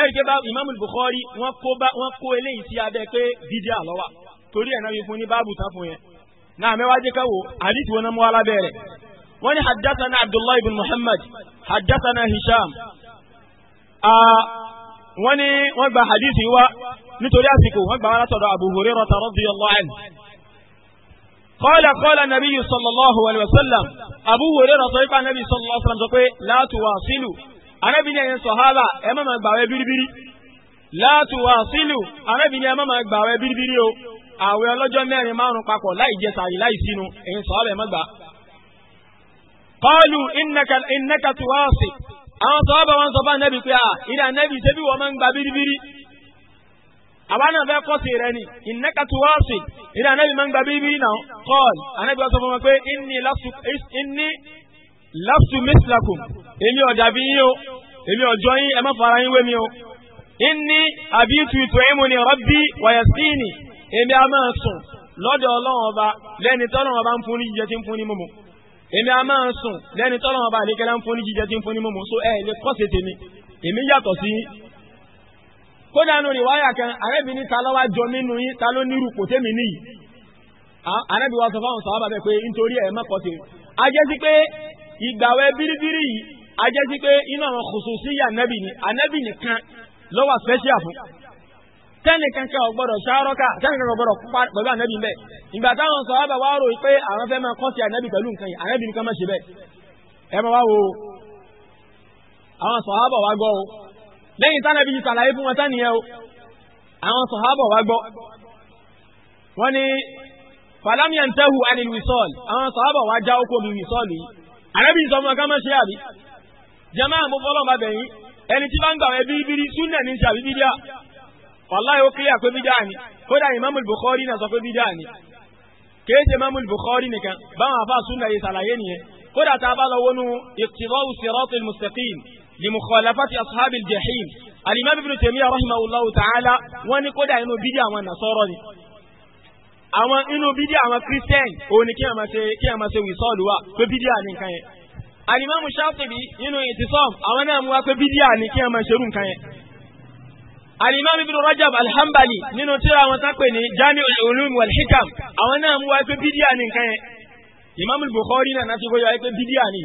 ẹ̀rí pé báàbù Imam Bukhari wọ́n kó wọ́n kó eléyìí sí abẹ́ pé bídà lọ́wà torí ẹ̀ náà fi fún ní báàbù tán fún yẹn náà mẹ́wàá jẹ́ káwọ́ àdìsí wọn mú alábẹ́rẹ̀ wọ́n ní haddathana Abdullahi bin Muhammad haddathana Hisham wọ́n ní wọ́n gba hadisi wa nítorí àsìkò wọ́n gba wọn látọ̀dọ̀ Abu Hurairah radiyallahu anhu kọ́lá kọ́lá nàbí yìí sallallahu alaihi wasallam Abu Hurairah sọ ipa nàbí sallallahu alaihi wasallam sọ pé látùwà sílù anábìnrin ẹ̀yẹn sọ̀hábà ẹ má máa gbàwẹ̀ bíríbírí látùwà sílù anábìnrin ẹ má máa gbàwẹ̀ bíríbírí o àwẹ̀ ọlọ́jọ́ mẹ́rin márùn papọ̀ láì jẹ sààrì láì sínú ẹ̀yẹn sọ̀hábà ẹ má gbà. qalu innaka innaka tuwasi àwọn sọ̀hábà wọn sọ fún anábì pé à ilé anábì ṣe bí wọ́n máa ń gbà bíríbírí àwa náà fẹ́ kọ́ sí rẹ ni ìnẹ́ka tó wá sí ìdá anábì máa ń gba bíbí náà kọ́ọ̀lù anábì wá sọ fún wọn pé inni laftu mislakum èmi ọ̀dà bí yín o èmi ọ̀jọ́ yín ẹ má fara yín wé mi o inni abitu ìtòyìnmùní rabbi wayasini èmi a máa sùn lọ́dọ̀ ọlọ́run ọba lẹ́ni tọ́lọ́run ọba ń fún ní jíjẹ tí ń fún ní mímu èmi a máa sùn lẹ́ni tọ́lọ́run ọba àlékẹ́lá ń fún ní jíjẹ tí ń fún ní mímu so ẹ lè kọ́ sí tèmi èmi yàtọ̀ sí kódà nù rìwáyà kan arábìnrin ta lọ́wọ́ jọ nínú yín ta ló nírú kò tẹ́mi níyì arábìnrin wa sọ fáwọn sọ̀rọ̀ bàbá pé nítorí ẹ̀ mọ́kọ́ ti a jẹ́ sí pé ìgbàwẹ̀ bíríbírí yìí a jẹ́ sí pé inú àwọn khususiyya ànábì ni ànábì nìkan lọ́wọ́ special fún tẹ́nì kankan ò gbọ́dọ̀ ṣàrọ́kà tẹ́nì kankan ò gbọ́dọ̀ pẹ̀lú ànábì bẹ́ẹ̀ ìgbà táwọn sọ̀rọ̀ bàbá wa rò pé àwọn fẹ́ máa kọ́ sí ànábì pẹ̀lú nǹkan yìí ànábì nìkan má ṣe bẹ́ẹ̀ ẹ máa wá wo àwọn sọ̀rọ̀ bàbá wa gbọ́ lẹ́yìn tánàbí ti sàlàyé fún wọn tánìyẹ o àwọn sọ̀hábọ̀ wá gbọ́ wọ́n ní falamiyan tẹ́hù anil wisọ́ọ̀lì àwọn sọ̀hábọ̀ wá já okò mi wisọ́ọ̀lì yìí àrẹ́bí sọ ọmọ kámọ́ ṣe àbí jẹ́mọ́ àmúfọ́lọ́ Bukhari nìkan báwọn àfa súnà yìí nìyẹn kódà tá a bá lọ wọnú iqtida'u siratil mustaqim limukhalafati ashabil jahim alimami ibn taymiyyah rahimahullahu ta'ala wọ́n ní kódà inú bídí àwọn nasọ́rọ̀ ni àwọn inú bídí àwọn christian òun ni kí a máa ṣe kí a máa ṣe wìsọ́ọ̀lù wa pé bídí àní nǹkan yẹn alimami shafi'i nínú ìtisọ́m àwọn náà mú wa pé bídí àní kí a máa ṣerú nǹkan yẹn alimami ibn rajab alhambali nínú tírà àwọn tán pè ní jami'ul ulum wal hikam àwọn náà mú wa pé bídí àní nǹkan yẹn imam bukhari náà náà ti gbóyà pé bídí àní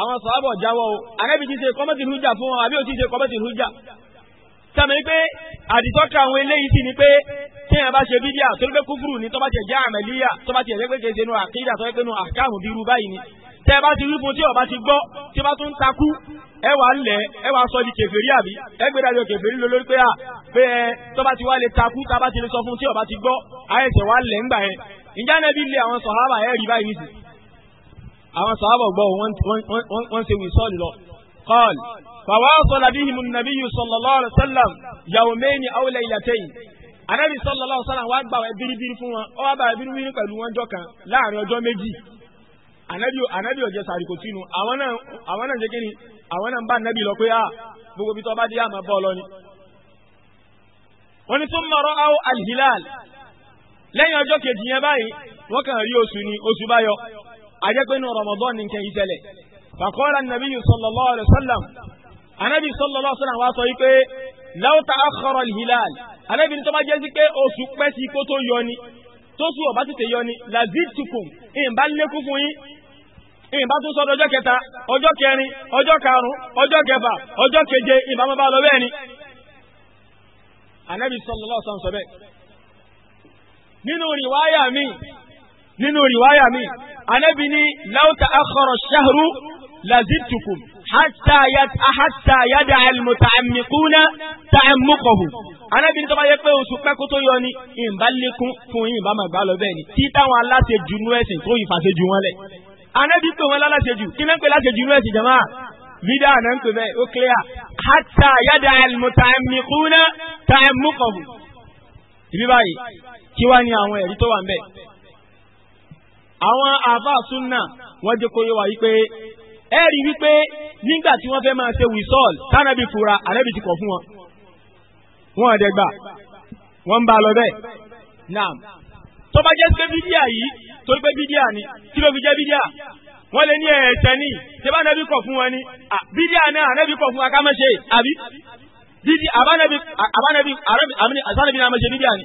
àwọn sọ́ábọ̀ jáwọ́ o àrẹ́bí ti ṣe kọ́mọ́tì hújà fún wọn àbí ò ti ṣe kọ́mọ́tì hújà sàmì pé àdìtọ́ka àwọn eléyìí sì ni pé téèyàn bá ṣe bídíà tó ló pé kúfùrù ní tó bá tiẹ̀ jẹ́ àmẹ́líyà tó bá tiẹ̀ jẹ́ pé kéde nu àkídà tó yẹ pé nu àkáàmù bíru báyìí ni tẹ́ ẹ bá ti wí fún tí ọba ti gbọ́ tí bá tún takú ẹ wà lẹ̀ ẹ wà sọ di kèfèrí àbí ẹ gbéra lọ kèfèrí lọ lórí pé à pé ẹ tó ti wá lè takú tá a bá ti lè sọ fún tí ọba ti gbọ́ ayẹ̀tẹ̀ wà lẹ̀ ńgbà yẹn ìjà lé àwọn sọ̀hábà ẹ̀ rí báyìí nìsín àwọn sàábọ̀ gbọ́ wọ́n ṣe wìsọ́ọ̀lù lọ. قال فواصل بهم النبي صلى الله عليه وسلم يومين أو ليلتين anabi sallallahu alaihi wasallam wá gbà wá biribiri fún wọn ó wá bá biribiri pẹ̀lú wọn jọ kan láàrin ọjọ́ méjì anabi anabi ọjọ́ sàrí kò sínú àwọn náà àwọn náà jẹ́ kíni àwọn náà ń bá anabi lọ pé ah, a gbogbo ajẹ́pẹ́ ní Ramadan ní nǹkan yìí tẹ́lẹ̀ fàkọ́lá nàbíyù sallallahu alaihi wasallam anábì sallallahu alaihi wasallam wá sọ wípé law ta'akhkhara al-hilal anábì ní tó bá jẹ́ sí pé oṣù pẹ́ sí kó tó yọ ni tó sùn ọ̀bá tètè yọ ni lazidtukum ìyìnbá lékún fún yín ìyìnbá tún sọdọ ọjọ́ kẹta ọjọ́ kẹrin ọjọ́ karùn-ún ọjọ́ kẹfà ọjọ́ keje ìyìnbá máa bá lọ bẹ́ẹ̀ ni anábì sallallahu alaihi sọ bẹ́ẹ̀ nínú rìwáyà míì nínú rìwáyà mi anábì ní láwùtà akhara ash-shahru lazidtukum hatta yada al-muta'ammiquna ta'ammuqahu anábì ní tó bá yẹ pé oṣù pẹ́kú tó yọ ni ìbá lékún fún yín ìbá màgbá lọ bẹ́ẹ̀ ni tí táwọn aláṣẹ jù nú ẹ̀sìn tó ìfàṣẹ jù wọn lẹ̀ anábì pé wọn láláṣẹ jù kí náà pé láṣẹ jù nú ẹ̀sìn jàmáà bídà náà ń pè bẹ́ẹ̀ ó clear hatta yada al-muta'ammiquna ta'ammuqahu ibi báyìí kí wá ní àwọn ẹ̀rí tó wà ń bẹ́ẹ̀ àwọn àáfàá súnà wọ́n jẹ́ kó yé wa wípé ẹ rí wípé nígbà tí wọ́n fẹ́ máa ṣe wìsọ́ọ̀l tánàbí fura ànábì ti kọ̀ fún wọn. wọn àdẹ gbà wọn ń bá a lọ bẹ́ẹ̀ naam tó bá jẹ́ pé bídíà yìí torí pé bídíà ni kí ló fi jẹ́ bídíà wọ́n lè ní ẹ̀ẹ̀tẹ̀ ní ṣẹ́bá nẹ́bí kọ̀ fún wọn ni bídíà náà nẹ́bí kọ̀ fún akámẹ́ṣe àbí bídíà àbánẹ́bí àbánẹ́bí àbánẹ́bí náà mẹ́ṣe bídíà ni.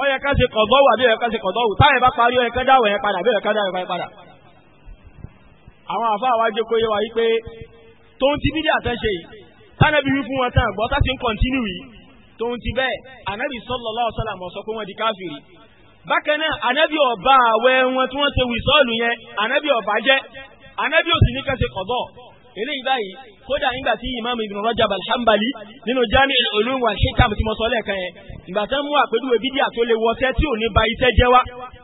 ó yẹ ká ṣe kọ̀dọ̀ wà bí ó yẹ ká ṣe kọ̀dọ̀ wù táyẹ̀ bá parí ó yẹ ká dáwọ̀ yẹn padà bí ó yẹ ká dáwọ̀ yẹn padà. àwọn àfa àwa jẹ́ kó yé wa yí pé tó ń ti bídí àtẹ́ṣe yìí tánàbí wí fún wọn tán àgbọ̀ tá ti ń kọ̀ntínú yìí tó ń ti bẹ́ẹ̀ ànábì sallallahu alaihi wasallam sọ pé wọ́n di káfìrí. bákan náà ànábì ọba àwẹ̀ wọn tí wọ́n ṣe wìsọ́ọ̀lù yẹn ànábì ọba jẹ́ ànábì òsì ní kẹsẹ̀ kọ̀dọ̀ eléyìí báyìí kódà nígbà tí imam ibn rajab alhambali nínú jami ulum wal hikam tí mo sọ lẹ́ẹ̀kan yẹn ìgbà tán mú àpèjúwe bídíà tó lè wọṣẹ́ tí ò ní ba iṣẹ́ jẹ́ wá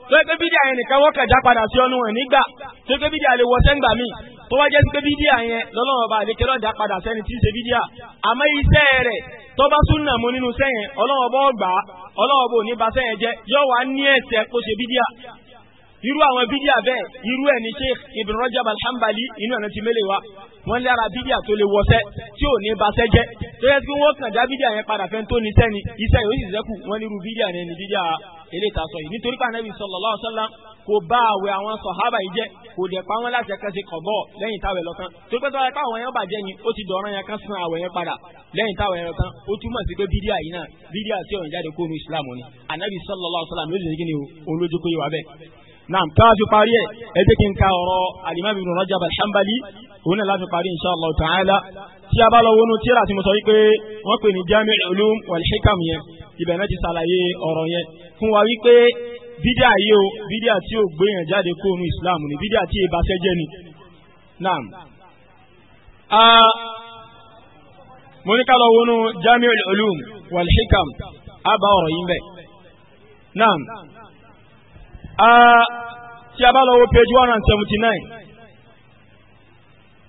tó yẹ pé bídíà yẹn nìkan wọ́n kẹjà padà sí ọnu wọn nígbà tó yẹ pé bídíà lè wọṣẹ́ ńgbà míì tó wá jẹ́ sí pé bídíà yẹn lọ́lọ́wọ́ bá àlékè lọ́jà padà sẹ́ni tí ń ṣe bídíà àmọ́ iṣẹ́ rẹ̀ tó bá tún nà mú nínú sẹ́yìn ọlọ́wọ́ bọ́ wọ́n lára bídíà tó lè wọṣẹ́ tí ò ní baṣẹ́ jẹ́ tó yẹ kí wọ́n kàn já bídíà yẹn padà fẹ́ tó ní sẹ́ni iṣẹ́ yóò sì sẹ́kù wọ́n nírú bídíà yẹn ní bídíà eléta sọ yìí nítorí pé anabi sallallahu alaihi wasallam kò bá àwẹ̀ àwọn sọ̀hábà yìí jẹ́ kò dẹ̀ pa wọ́n láti ẹ̀ka ṣe kọ̀bọ̀ lẹ́yìn táwẹ̀ lọ́tán tó pẹ́ tọ́lá káwọn yẹn bàjẹ́ ni ó ti dọ̀ràn yẹn kan san àwẹ̀ yẹn padà lẹ́yìn táwẹ̀ jẹ́ òun náà láti parí insha Allah ta'ala tí a bá lọ wọnú tíra tí mo sọ wípé wọ́n pè ní jami ulum wal hikam yẹn ibẹ̀ náà ti ṣàlàyé ọ̀rọ̀ yẹn fún wa wípé bídíà yìí o bídíà tí ò gbé yẹn jáde kó nu islam ni bídíà tí ìbáṣẹ jẹ ni mo ní ká lọ wọnú jami ulum wal a bá ọ̀rọ̀ yìí bẹ̀ tí a bá lọ wọ page one hundred seventy nine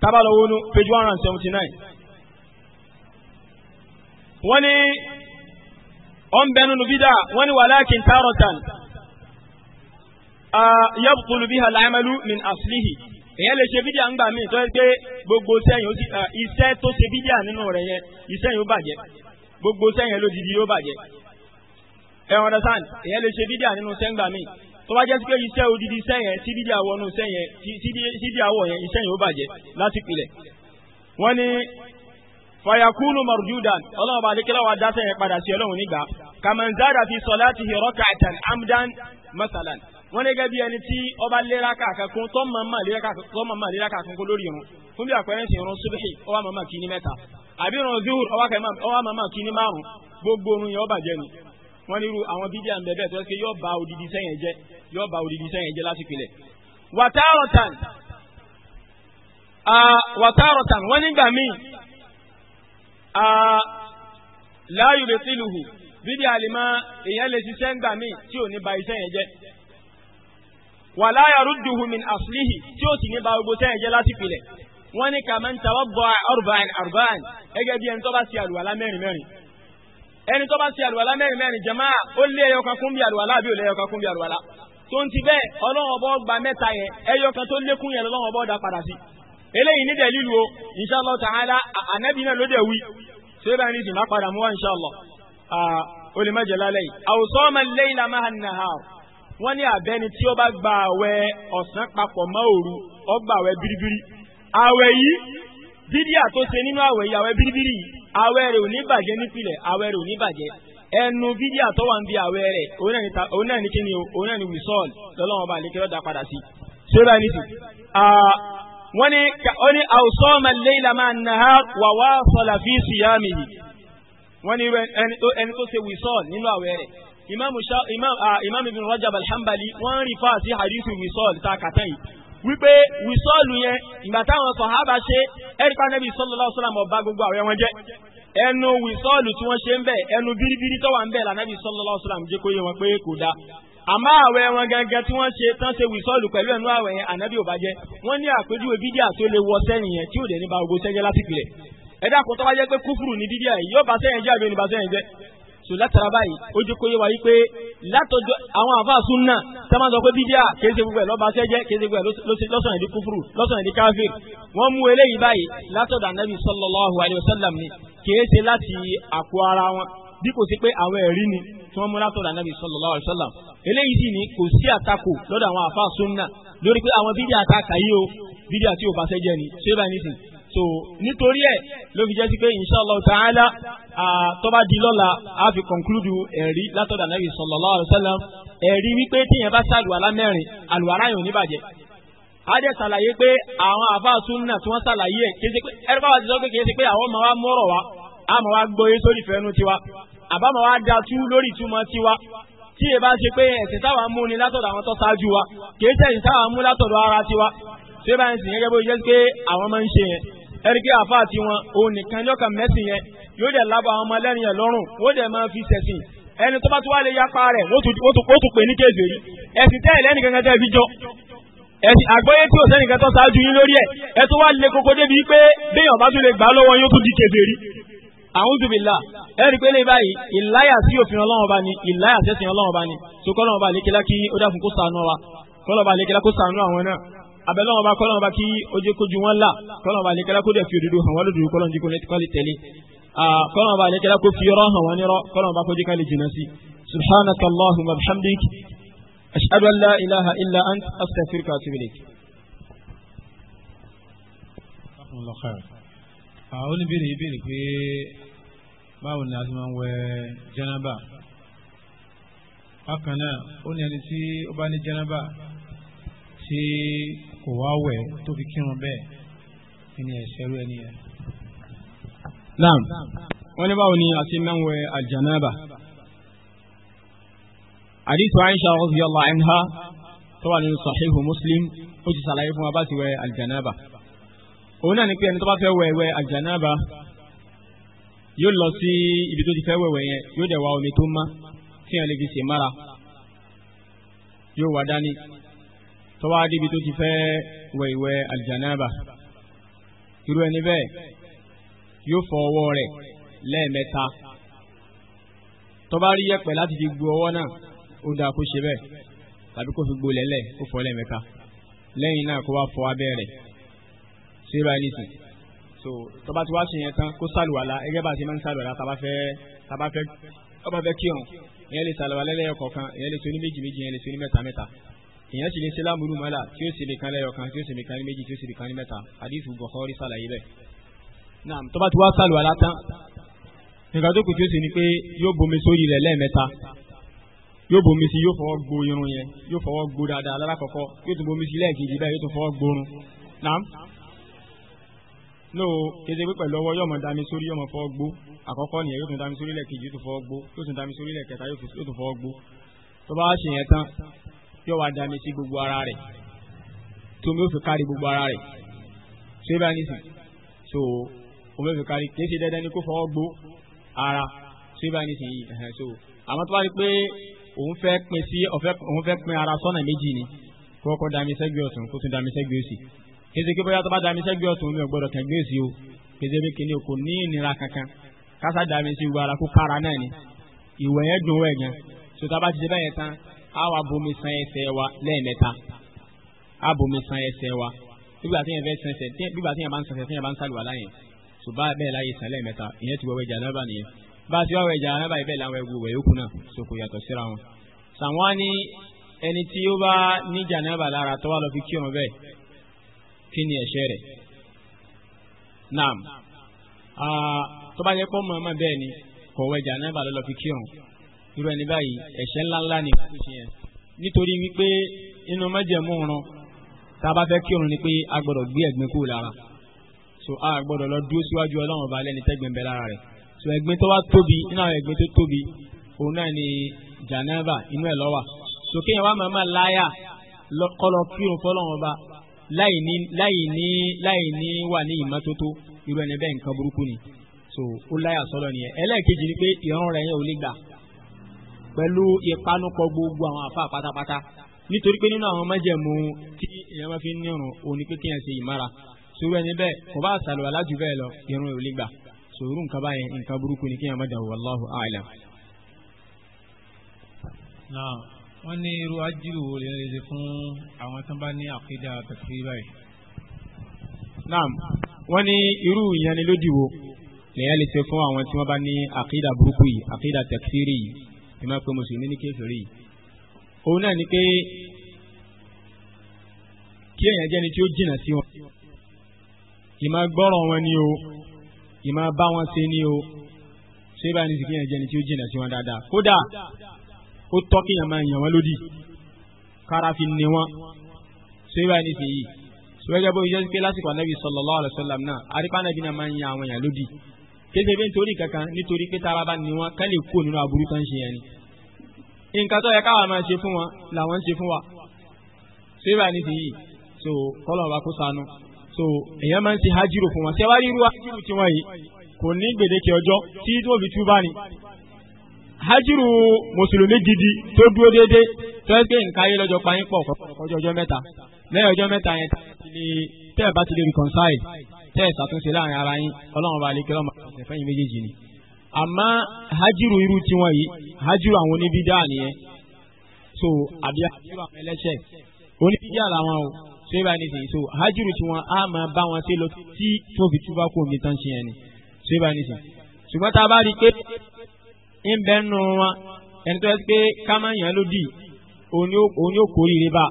tábàlọ́wọ́nú page one hundred seventy nine. wani ní ọ̀n bẹnu nu bídà wọ́n ní walakin taratan ah, yabtulu biha al min aslihi èyàn lè ṣe bídíà ńgbà míì tó yẹ pé gbogbo sẹ́yìn ó sì ah, iṣẹ́ tó ṣe bídíà nínú rẹ̀ yẹn iṣẹ́ yóò bàjẹ́ gbogbo sẹ́yìn lódìdí yóò bàjẹ́ ẹ̀ understand èyàn lè ṣe bídíà nínú sẹ́ngbà míì tó bá jẹ́ sí pé iṣẹ́ odidi iṣẹ́ yẹn tí dídí àwọ̀ nù iṣẹ́ yẹn tí dídí àwọ̀ yẹn iṣẹ́ yẹn ó bàjẹ́ láti pilẹ̀. wọ́n ní fayakunu marjudan ọlọ́run bá adékẹ́lá wa dá sẹ́yìn padà sí ọlọ́run nígbà kàmánzádà fi salatihi rak'atan amdan masalan wọ́n ní gẹ́gẹ́ bí ẹni tí ọba lera kàkàkùn tó mọ̀ọ́mọ̀ lera kàkàkùn lórí irun fún bí àpẹẹrẹ sí irun subihi ọwọ́ mọ̀ọ́mọ̀ kì í ní mẹ́ta àbí irun zuhur ọwọ́ mọ̀ọ́mọ̀ kì í ní márùn gbogbo orun yẹn ó bàjẹ́ ni wọ́n nírú àwọn bídíà ń bẹ̀bẹ̀ tó ṣe yóò ba odidi sẹ́yìn jẹ́ yóò ba odidi sẹ́yìn jẹ́ lásìkò ilẹ̀. wàtárọ̀tàn wàtárọ̀tàn wọ́n nígbà míì láàyò lè sílùú bídíà lè máa èèyàn lè ṣiṣẹ́ ńgbà míì tí ò ní ba iṣẹ́ yẹn jẹ́ wà láyà rúdùhù min àfúlíhì tí ó sì ní ba gbogbo sẹ́yìn jẹ́ lásìkò ilẹ̀ wọ́n ní kàmẹ́ntà wọ́n bọ̀ arba'in arba'in gẹ́gẹ́ bí ẹni tó bá ṣe àlùwàlá mẹ́rin mẹ́rin ẹni tó bá ṣe àlùwàlá mẹ́rin mẹ́rin jẹ̀má ó lé ẹyọkan kún bí àlùwàlá àbí ò lé ẹyọkan kún bí àlùwàlá tó ń ti bẹ́ẹ̀ ọlọ́wọ́n bọ́ gba mẹ́ta yẹn ẹyọkan tó lékún yẹn lọ́wọ́n bọ́ da padà sí. eléyìí ní o insha Allah ta'ala náà ló dẹ̀ wí ṣé ní ìsìn má mú wa insha Allah yìí. àwòsàn layla àwẹ̀ rẹ̀ ò ní bàjẹ́ nípìnlẹ̀ àwẹ̀ rẹ̀ ò ní bàjẹ́ ẹnu bídí àtọ́wà ń bi àwẹ̀ rẹ̀ òun náà ní kíni o òun náà ní wisọ́ọ̀l lọ́lọ́wọ́n bá lékè lọ́dà padà sí. sóra ní sùn wọ́n ní àwùsọ́ọ̀mà léyìnlá máa ń nà á wà wá sọ̀là fi sùyàmì yìí wọ́n ní ẹni tó ṣe wisọ́ọ̀l nínú àwẹ̀ rẹ̀ ibn Rajab al wọ́n ń rí fáà sí wisọ́ọ̀l tá a kàtẹ́yìn wípé wìsọ́ọ̀lù yẹn ìgbà táwọn sọ̀hábà ṣe ẹ̀ríkà nẹ́bí sallallahu alaihi wasallam ọba gbogbo àwẹ̀ wọn jẹ́ ẹnu wìsọ́ọ̀lù tí wọ́n ṣe ń bẹ̀ ẹnu bíríbírí tó wà ń bẹ̀ lànàbí sallallahu alaihi wasallam jẹ́ kó yé wọn pé kò dáa àmọ́ àwẹ̀ wọn gangan tí wọ́n ṣe tán ṣe wìsọ́ọ̀lù pẹ̀lú ẹnu àwẹ̀ yẹn ànábì ò bá jẹ́ wọ́n ní àpéjúwe bídíà tó lè wọ sẹ́yìn yẹn tí ò dẹ̀ ní ba ogo sẹ́yìn lásìkò rẹ̀ ẹ̀dá kò tó bá jẹ́ pé kúfùrù ní bídíà yìí yóò bá sẹ́yìn jẹ́ àbí ò ní ba sẹ́yìn jẹ́ so látara báyìí ó jẹ́ kó yé wa yí pé látọjọ́ àwọn àfa sunna sábà sọ pé bídíà kìí ṣe gbogbo ẹ̀ lọ́ba sẹ́jẹ́ kìí ṣe gbogbo ẹ̀ lọ́sàn ìdí kúfúrú lọ́sàn ìdí káfíìn wọ́n mú eléyìí báyìí látọ̀dọ̀ anabi sallallahu alayhi wa sallam ni kìí ṣe láti àkó ara wọn bí kò sí pé àwọn ẹ̀rí ni tí wọ́n mú látọ̀dọ̀ anabi sallallahu alayhi wa sallam eléyìí sì ni kò sí àtakò lọ́dọ̀ àwọn àfa sunna lórí pé àwọn bídíà àtakà yìí o bídíà tí ò bá sẹ́jẹ́ ni ṣé báyìí nísìnyí so nítorí ẹ̀ ló fi jẹ́ sí pé inshallah ta'ala tó bá di lọ́la a fi conclude ẹ̀rí látọ̀dà nàbì sallallahu alaihi wasallam ẹ̀rí wípé tíyẹn bá ṣàlùwàlá mẹ́rin àlùwàlá yòó níbàjẹ́ a jẹ́ ṣàlàyé pé àwọn àfáà súnà tí wọ́n ṣàlàyé ẹ̀ kí ẹ̀rọ bá ti sọ pé kì í ṣe pé àwọn ọmọ wa mọ̀rọ̀ wa àmọ́ wa gbọ́yé sórí fẹ́nu tiwa àbámọ̀ wa da tú lórí ìtumọ̀ tiwa tí ẹ bá ṣe pé ẹ̀sìn táwa mú ni látọ̀dọ̀ àwọn tó ṣáájú wa kì í ṣẹ̀yìn táwa mú látọ̀dọ̀ ara tiwa tí ó bá ń gẹ́gẹ́ bó ṣe pé àwọn máa ń ṣe yẹn ẹ̀ríkì afa àti wọn òun nìkan yọkàn mẹ́sìn yẹn yóò dẹ̀ lábọ̀ àwọn ọmọ ẹlẹ́rìn yẹn lọ́rùn ó dẹ̀ máa fi ṣẹ̀sìn ẹni tó bá tún wá lè yapa rẹ̀ ó tún pè ní kéèzè yìí ẹ̀sìn tẹ́ ẹ̀lẹ́nì kankan tẹ́ fi jọ ẹ̀sìn àgbọ́yé tí ò sẹ́nìkan tó ṣáájú yín lórí ẹ̀ ẹ tó wá lè koko débi pé béèyàn bá tún lè gbà lọ́wọ́ yóò tún di kéèzè rí a'udhu billah ẹ̀rí pé lè báyìí ìláyà sí òfin ọlọ́run bá ní ìláyà sẹ́sìn ọlọ́run bá ní tó kọ́ bá lékelá kí ó dákun kó ṣàánú wa kọ́ ọlọ́run bá lékelá kó ṣàánú àwọn náà abẹ́lẹ́ wọn bá kọ́ lọ́wọ́ bá kí ojú kojú wọn là kọ́ lọ́wọ́ bá lè kẹ́lá kó dẹ̀ fi òdodo hàn wọ́n lòdù kọ́ lọ́njú kọ́ lè tẹ̀lé kọ́ bá lè kẹ́lá kó fi yọrọ hàn wọ́n nírọ́ kọ́ bá kó dé ká jìnnà sí subhanaka allahumma bihamdik ashhadu an la ilaha illa ant astaghfiruka wa atubu ilayk. àwọn oníbèrè ìbéèrè pé báwo ni a ti máa ń wẹ̀ jẹnaba bákan náà ó ní ẹni tí ó bá ní jẹnaba kò wá wẹ̀ tó fi kírun bẹ́ẹ̀ ẹni ẹ̀ṣẹ̀ rú ẹni yẹn. naam wọ́n ní báwo ni a ti máa ń wẹ̀ aljanaba àdìsí Aisha radiyallahu anha tó wà nínú sahihu muslim ó ti ṣàlàyé fún wa bá ti wẹ̀ aljanaba òun náà ni pé ẹni tó bá fẹ́ wẹ̀ wẹ̀ aljanaba yóò lọ sí ibi tó ti fẹ́ wẹ̀wẹ̀ yẹn yóò dẹ̀ wá omi tó má tí yẹn lè fi ṣe mára yóò wá dání tó wá débi tó ti fẹ́ wẹ̀ aljanaba irú ẹni bẹ́ẹ̀ yóò fọ ọwọ́ rẹ̀ lẹ́ẹ̀mẹ́ta tó bá rí yẹ̀pẹ̀ láti fi gbu ọwọ́ náà ó dáa kó ṣe bẹ́ẹ̀ tàbí kó fi gbolẹ̀ lẹ̀ kó fọ lẹ́ẹ̀mẹ́ta lẹ́yìn náà kó wá fọ abẹ́ ṣé báyìí nìsín so tó bá ti wá ṣe yẹn tán kó sàlùwàlà ẹgbẹ́ bá ti máa ń sàlùwàlà tàbá fẹ́ tàbá fẹ́ ọba fẹ́ kírun ìyẹn lè sàlùwàlà lẹ́yìn kọ̀ọ̀kan ìyẹn lè ṣe ní méjì méjì ìyẹn lè ṣe ní mẹ́ta mẹ́ta èèyàn sì lè ṣe lámúrú mọ́là tí ó sì lè kan lẹ́yọ kan tí ó sì lè kan ní méjì tí ó sì lè kan ní mẹ́ta hadith Bukhari sàlàyé bẹ́ẹ̀. naam tó bá ti wá sàlù alátán nǹkan tó kù tí ó sì ni pé yóò bomi sórí rẹ̀ lẹ́ẹ̀mẹ́ta yóò bomi sí yóò fọwọ́ gbo irun yẹn yóò fọwọ́ gbo dáadáa lálákọ̀ọ́kọ́ yóò tún bomi sí lẹ́ẹ̀kejì báyìí yóò tún fọwọ́ gborun naam no kéde pé pẹ̀lú ọwọ́ yóò mọ̀ dami sórí yóò mọ̀ fọwọ́ gbó àkọ́kọ́ nìyẹn yóò tún dami sórí lẹ́ẹ̀kejì yóò tún fọwọ́ gbó yóò tún dami sórí lẹ́ẹ̀kẹta yóò tún fọwọ́ gbó tó bá ṣe yẹn tán yóò wá dami sí gbogbo ara rẹ̀ tómi ó fi kárí gbogbo ara rẹ̀ ṣé bá so omi ó fi kárí kì ṣe dandan ni kó fọwọ́ gbó ara ṣé bá ní sìn so àmọ́ tó bá rí pé òun fẹ́ pin sí òun fẹ́ pin ara sọ́nà méjì ni kó kọ́kọ́ dami sẹ́gbẹ́ ọ̀tún kó tún dami sẹ́gbẹ́ òsì kì í ṣe kí bóyá tó bá dami sẹ́gbẹ́ ọ̀tún mi ò gbọ́dọ̀ kẹ́gbẹ́ òsì o kì í ṣe bí kíní so tá a bá a wà bomi san ẹsẹ̀ wa lẹ́ẹ̀mẹ́ta a bomi san ẹsẹ̀ wa bíbá tí yẹn fẹ́ san ẹsẹ̀ bíbá tí yẹn bá ń san ẹsẹ̀ tí yẹn bá ń sálùwà láyẹn ṣùgbọ́n bẹ́ẹ̀ láyé san lẹ́ẹ̀mẹ́ta ìyẹn ti wọ́wẹ́ jàǹdà bá nìyẹn bá a ti wọ́wẹ́ jàǹdà bá ibẹ̀ làwọn ẹgbẹ́ wẹ̀yọ́ kùnà sòkò yàtọ̀ síra wọn. sàwọn ni ẹni tí ó bá ní jàǹdà lára tó wà lọ fi kírun bẹ́ẹ̀ kí ni ẹ̀ṣẹ̀ rẹ̀ naam ah, tó bá yẹ kó mọ̀ọ́mọ̀ bẹ́ẹ̀ ni kò wẹ̀ jàǹdà lọ fi kírun irú ẹni báyìí ẹ̀ṣẹ̀ ńláńlá ni kò ṣe yẹn nítorí wípé inú májẹ̀mú ọ̀run tá a bá fẹ́ kírun ni pé a gbọ́dọ̀ gbé ẹ̀gbin kúrò lára so a gbọ́dọ̀ lọ dúró síwájú ọlọ́run ọba lẹ́ni tẹ́gbin bẹ lára rẹ̀ so ẹ̀gbin tó wá tóbi inú àwọn ẹ̀gbin tó tóbi òun náà ni janaba inú ẹ̀ lọ́wà so kéèyàn wá màmá láyà kọ́lọ kírun fọlọ́run ọba láì ní láì ní láì ní wà ní ìmọ́tótó so ó láyà sọ́lọ́ nìyẹn ẹlẹ́ẹ̀kejì ni pé ìrun pẹ̀lú ìpanupọ̀ gbogbo àwọn àfa pátápátá nítorí pé nínú àwọn májẹ̀mú tí èèyàn máa fi ń nírun òun ni pé kí èèyàn ṣe ìmára sòrò ẹni bẹ́ẹ̀ kò bá àṣàlùwà lájú bẹ́ẹ̀ lọ irun ò lè gbà sòrò nǹkan báyẹn nǹkan burúkú ni kí èèyàn má dàrú wallahu a'lam. náà wọ́n ní irú ajílù wo lè lè fún àwọn tó bá ní àkídà tẹ̀sí báyìí. náà wọ́n ní irú ìyanilódì wo lèyàn lè ṣe fún àwọn tí wọ́n bá ní àkídà burúkú yìí àkídà tẹ̀sí yìí ẹ máa pe mùsùlùmí ní kéferì yìí òun náà ni pé kí èèyàn jẹ́ni tí ó jìnnà sí wọn ìmá gbọ́rọ̀ wọn ni o ìmá bá wọn ṣe ni o ṣé bá ní sì kí èèyàn jẹ́ni tí ó jìnnà sí wọn dáadáa kódà ó tọ́ kí èèyàn máa yàn wọ́n lódì kára fi ní wọn ṣé bá ní sì yìí sọ́jọ́ bó yẹ pé lásìkò anábì sallallahu alaihi wasallam náà arípa náà máa ń yan àwọn èèyàn lódì kéde bí nítorí kankan nítorí pé tára bá ní wọn ká lè kó nínú aburú tán ṣe yẹn ni nǹkan tó yẹ káwa máa ṣe fún wọn làwọn ń ṣe fún wa ṣé bá ní ti yìí so kọ́lọ̀ wa kó sànú so èèyàn máa ń ṣe hajiro fún wọn ṣé wá rírú hajiro tiwọn yìí kò ní gbèdéke ọjọ́ tí tó fi túbá ni hajiro mùsùlùmí gidi tó dúró déédé tó ẹ gbé nǹkan ayé lọ́jọ́ payín pọ̀ kọjọ́ ọjọ́ mẹ́ta lẹ́yìn ọjọ́ mẹ́ta yẹn tẹ́ ẹ̀ bá ti lè reconcile tẹ́ ẹ̀ ṣàtúnṣe láàrin ara yín ọlọ́run ọba àlekẹ́ lọ́mọ àtẹ̀fẹ́yìn méjèèjì hajiru àwọn oníbídà nìyẹn so àbí hajiru àwọn ẹlẹ́ṣẹ̀ oníbídà làwọn o so ibà ní sìn so hajiru tí wọn á máa bá wọn ṣe lọ tí tó fi túbá kú omi tán ṣe yẹn ni so ibà ní sìn ṣùgbọ́n tá a bá rí i pé ń bẹ́ nù wọn ẹni tó yẹ pé kámáyàn ló dì òun yóò kórìíre bá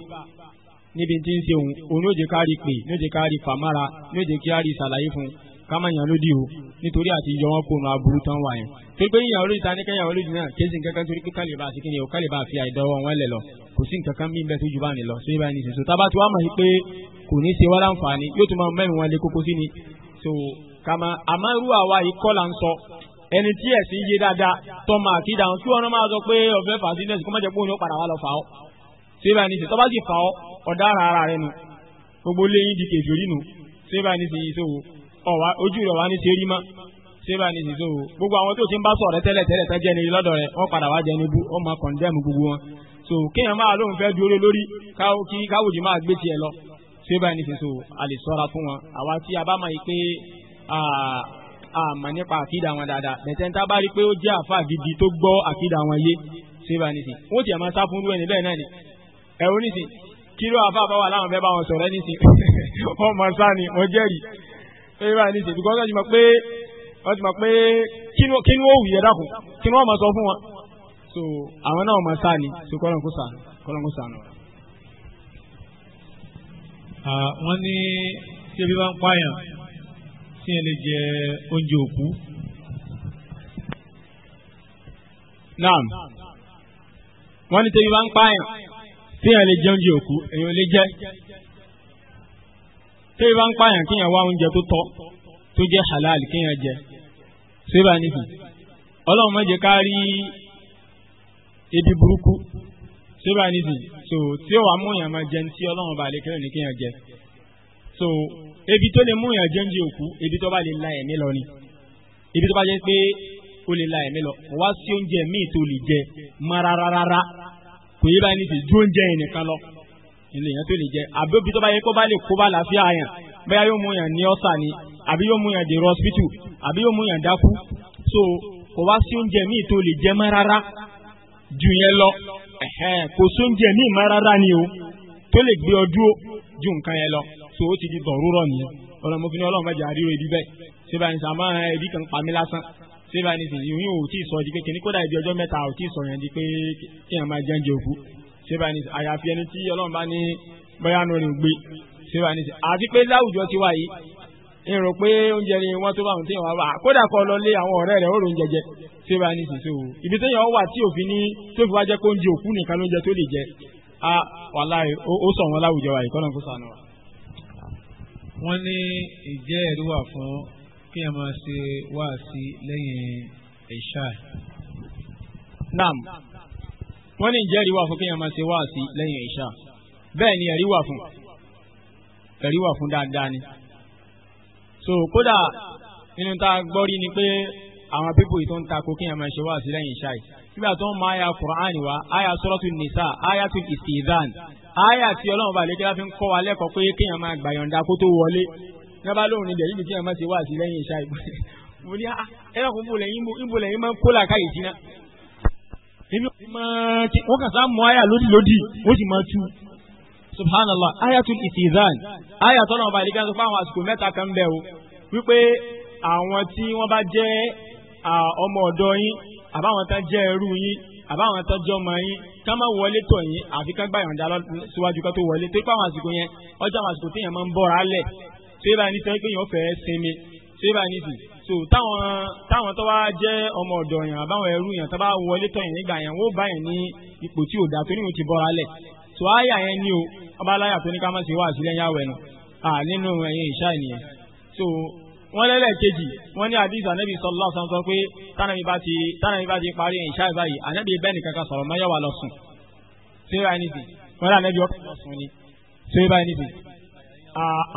níbi tí ń ṣe òun òun yóò jẹ́ ká rí pè yóò jẹ́ ká rí fàmára yóò jẹ́ ká rí ṣàlàyé fún un. Kama yàn lódì o nítorí àti yọ wọn kó nu aburú tán wà yẹn pé pé yàn lódì ta ní kẹ́yàn lódì náà kéésì nǹkankan torí kíkà lè ba àti kíni o ká lè ba àfi àìdánwò wọn lẹ̀ lọ kò sí nǹkankan mí bẹ́ẹ̀ tó ju báyìí lọ sóyè báyìí nìṣẹ́ so tábà tí wàá mọ̀ pé kò ní ṣe wá láǹfààní yóò tún máa mẹ́rin wọn lé kókó sí ni so kàmá àmọ́ irú àwa yìí kọ́ là ń sọ ẹni tí ẹ̀sìn yé dáadáa tọ́ máa kí dáhùn kí wọn máa sọ pé ọ̀fẹ́ fà sí nẹ́ẹ̀sì kó má jẹ́ pé òun yóò padà wá lọ fà ọ́ sóyè báyìí nìṣẹ́ tọ́ba sì fà ọ́ ọ̀daràn ara rẹ nu gbogbo léyìn di kejì orí nu sóyè báyìí ọ̀wá ojú rẹ̀ wá ní sẹ́rí mọ́ sẹ́rí àní sísọ o gbogbo àwọn tó ti ń bá sọ̀rọ̀ tẹ́lẹ̀ tẹ́lẹ̀ tán jẹ́ni lọ́dọ̀ rẹ̀ wọ́n padà wá jẹ́ni bú wọ́n máa kọ̀ndẹ́mù gbogbo wọn so kéèyàn máa lóun fẹ́ dúró lórí kí káwùjì máa gbé tiẹ̀ lọ sẹ́rí àní sísọ a lè sọ́ra fún wọn àwa tí a bá máa yí pé àmà nípa àkídà wọn dáadáa bẹ̀tẹ̀ tá a pé ó jẹ́ àfa gidi tó gbọ́ àkídà wọn yé sẹ́rí àní sí wọ́n ti àmọ́ sá fún rúwẹ̀ níbẹ̀ náà ni ẹ̀rọ nísìn kí ló àfa àbáwá láwọn fẹ́ bá wọn sọ̀rọ̀ nísìn [laughs] wọ́n mọ̀ sáà ni wọ́n jẹ́rìí ẹ bá ní ṣe because wọ́n ti mọ̀ pé wọ́n ti mọ̀ pé kí ni ó wù yẹ dàkún kí ni wọ́n máa sọ fún wọn. so àwọn náà máa sáà ni so kọ́lọ́n kó sànù kọ́lọ́n kó sànù. wọ́n ní tí ebi bá ń pààyàn tí yẹn lè jẹ oúnjẹ òkú. naam wọ́n ní tí ebi bá ń pààyàn tí yẹn lè jẹ oúnjẹ òkú èèyàn lè jẹ ṣé bá ń pààyàn kéèyàn wá oúnjẹ tó tọ́ tó jẹ́ halal kéèyàn jẹ ṣé bá nìkan ọlọ́run má ká rí ebi burúkú ṣé bá nìkan so tí ó wàá mú yàn máa jẹun tí ọlọ́run bá lè kéèyàn ní kéèyàn jẹ so ebi tó lè mú yàn jẹun jẹ òkú ebi tó bá lè la ẹ̀mí lọ ni ebi tó bá jẹ́ pé ó lè la ẹ̀mí lọ wá sí oúnjẹ míì tó lè jẹ mọ́ kò yé bá nìkan ju oúnjẹ yẹn nìkan lọ ilé yẹn tó lè jẹ àbí òbí tó bá yẹ kó bá lè kó bá làáfíà yẹn bóyá yóò mú yàn ní ọ̀sà ni àbí yóò mú yàn dèrò hospital àbí yóò mú yàn dákú so kò wá sí oúnjẹ míì tó lè jẹ mọ́ rárá ju yẹn lọ kò sóúnjẹ míì mọ́ rárá ni o tó lè gbé ọ dúró ju nǹkan yẹn lọ so ó ti di dọ̀rúrọ̀ nìyẹn ọlọ́mọ fi ní ọlọ́run bá jà ríro ibi bẹ́ẹ̀ síbà ní sàmá ibi kan pa mí lásán síbà ní sèyí yìí ò tí ì sọ di pé kíní kódà ibi ọjọ́ mẹ́ta ò tí sọ yẹn di pé kí ṣébà ní àyàfi ẹni tí ọlọ́run bá ní bóyá nù rè gbé ṣébà ní sí àti pé láwùjọ tiwa yìí ń rò pé oúnjẹ ni wọ́n tó bá àwọn téèyàn wá wà kódà kọ́ lọ lé àwọn ọ̀rẹ́ rẹ̀ òòrùn jẹjẹ ṣébà ní sí so ibi téèyàn wà tí òfin ní tó fi wá jẹ́ kó oúnjẹ òkú nìkan lóúnjẹ tó lè jẹ a wàláì ó sọ wọn láwùjọ wa yìí kọ́nà kó sànù wa. wọ́n ní ìjẹ́ ẹ̀rí wà fún kí ẹ máa ṣe wáàsí lẹ́yìn ẹ̀ṣáà wọ́n ní ìjẹ́rìí wà fún kéèyàn máa ṣe wáàsí lẹ́yìn ìṣá bẹ́ẹ̀ ni ẹ̀rí wà fún ẹ̀rí wà fún dáadáa ni. so kódà nínú tá a gbọ́ rí ni pé àwọn pípò yìí tó ń takò kéèyàn máa ṣe wáàsí lẹ́yìn ìṣá yìí nígbà tó ń mọ àyà Kùránì wa àyà sọ́rọ́tù nìsà àyà tún ìsìdán àyà tí Ọlọ́run bá lékè láfi ń kọ́ wa lẹ́kọ̀ọ́ pé kéèyàn máa gbàyọ̀ǹda kó tó wọlé nígbà lóhùn ni dẹ̀yìn kéèyàn máa ṣe wáàsí lẹ́yìn [laughs] ní ah, èmi ò sì máa kí wọ́n kàn sá mọ àyà lódì lódì wọ́n sì máa tú. subhanallah ayatul istizan àyà tọ́nà ọba ìlẹ́gàn sọ fáwọn àsìkò mẹ́ta kan bẹ́ẹ̀ o wípé àwọn tí wọ́n bá jẹ́ ọmọ ọ̀dọ́ yín àbáwọn tán jẹ́ ẹrú yín àbáwọn tán jọ ọmọ yín ká má wọlé tọ̀ yín àfi ká gbà yọ̀ǹda síwájú ká tó wọlé tó ipá àsìkò yẹn ọjọ́ àsìkò téèyàn máa ń bọ́ra lẹ̀ tó yẹ so táwọn táwọn tó wá jẹ́ ọmọ ọ̀dọ̀ yàn àbáwọn ẹrú yàn tó bá wọlé tọ̀ yàn nígbà yàn wọ́n bá yàn ní ipò tí ò dá torí òun ti bọ́ra lẹ̀ so àyà yẹn ni o ọba aláyà tó ní ká má ṣe wá àṣìlẹ̀ yàwó ẹnu à nínú ẹ̀yìn ìṣá ènìyàn so wọ́n lẹ́lẹ̀ kejì wọ́n ní àdìs ànábì sallallahu alaihi wasallam sọ pé tánàbí bá ti tánàbí bá ti parí ìṣá ìbáyìí ànábì bẹ́ẹ̀ nìkan kan sọ̀rọ̀ mọ́yọ́wà lọ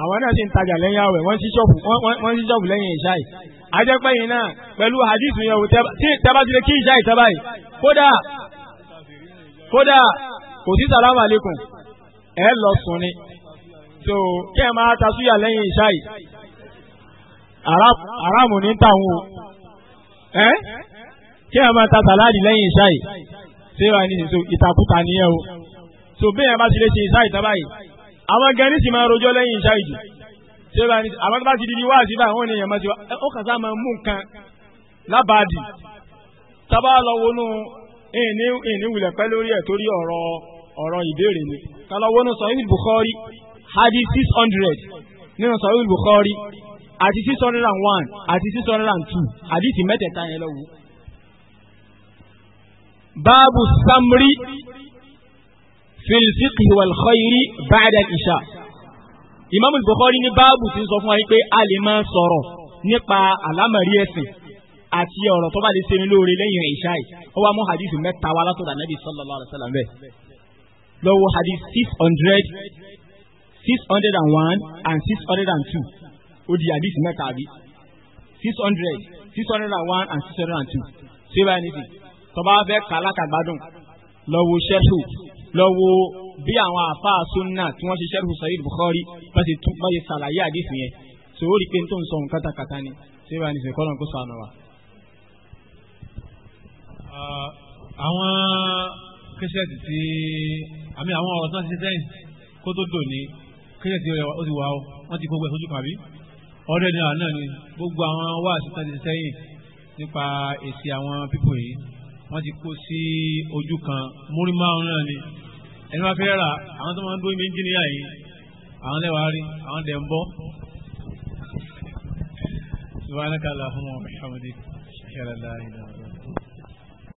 àwọn náà sì ń tajà lẹ́yìn àwẹ̀ wọ́n sí ṣọ́ọ̀bù wọ́n sí ṣọ́ọ̀bù lẹ́yìn ìṣáì ajẹ́pẹ́ yìí náà pẹ̀lú hadith yẹn wò tẹ́bá ti lè kí ìṣáì tẹ́bá yìí kódà kódà kò sí sàlámù àlékún ẹ lọ sùn ni so kí ẹ máa ta súyà lẹ́yìn ìṣáì aráàmù ní tàwọn o ẹ kí ẹ máa ta sàláàdì lẹ́yìn ìṣáì ṣé wàá ní so ìtàkùtà nìyẹn o so bí ẹ bá ti lè ṣe ìṣáì yìí àwọn gani sì máa rojọ́ lẹ́yìn ìṣá ìjù ṣé bá ní àwọn tó bá ti di wá sí báyìí wọn ni èèyàn máa ti wá ó kà sáà máa mú nǹkan lábàádì tábà lọ wọnú ìní wulẹ̀ pẹ́ lórí ẹ̀ torí ọ̀rọ̀ ọ̀rọ̀ ìbéèrè ni ká lọ wọnú Sahih Bukhari hadith six hundred nínú Sahih Bukhari àti six hundred and one àti six hundred and two hadith mẹ́tẹ̀ẹ̀ta yẹn lọ́wọ́. báàbù samri fil fiqhi wal khayri ba'da isha ìmáàmù Bukhari ní báàbù ti ń sọ fún wa pé a lè máa sọ̀rọ̀ nípa àlámọ̀rí ẹ̀sìn àti ọ̀rọ̀ tó bá lè ṣe ní lóore lẹ́yìn ìṣá yìí ó wá mú hadithu mẹ́ta wá látọ̀dà nàbì sallallahu alaihi wasallam bẹ́ẹ̀ lọ́wọ́ hadith six hundred and 602. and six hundred and two ó di hadith mẹ́ta àbí six hundred and 602. and six hundred and two ṣé báyìí nìyí tó bá fẹ́ kàlákàgbádùn lọ wo bí àwọn àfáà sunna tí wọ́n ṣe sẹ́rù sayid bukhari bá ti tún bá ti ṣàlàyé àdìsí yẹn so ó rí i pé tó ń sọ nǹkan takata ni ṣé bá ní kọ́nà kó sànù wa. àwọn kíṣẹ́ẹ̀tì tí àmì àwọn ọ̀rọ̀ tí wọ́n ti ṣe sẹ́yìn kó tó dò ní kíṣẹ́ẹ̀tì ó ti wà ó wọ́n ti gbogbo ẹ̀ sójú kan ọ̀rẹ́ náà náà ni gbogbo àwọn wáàsí tí wọ́n ti ṣe sẹ́yìn nípa èsì àwọn pípò yìí wọ́n ti kó sí ojú kan múrí márùn náà ni ẹni wá fẹ́ rà àwọn tó máa ń dúró méjìlélá yìí àwọn lẹ́wàá rí àwọn dẹ̀ ń bọ́. subhanaka allahumma wa bihamdika shalla la ilaha illa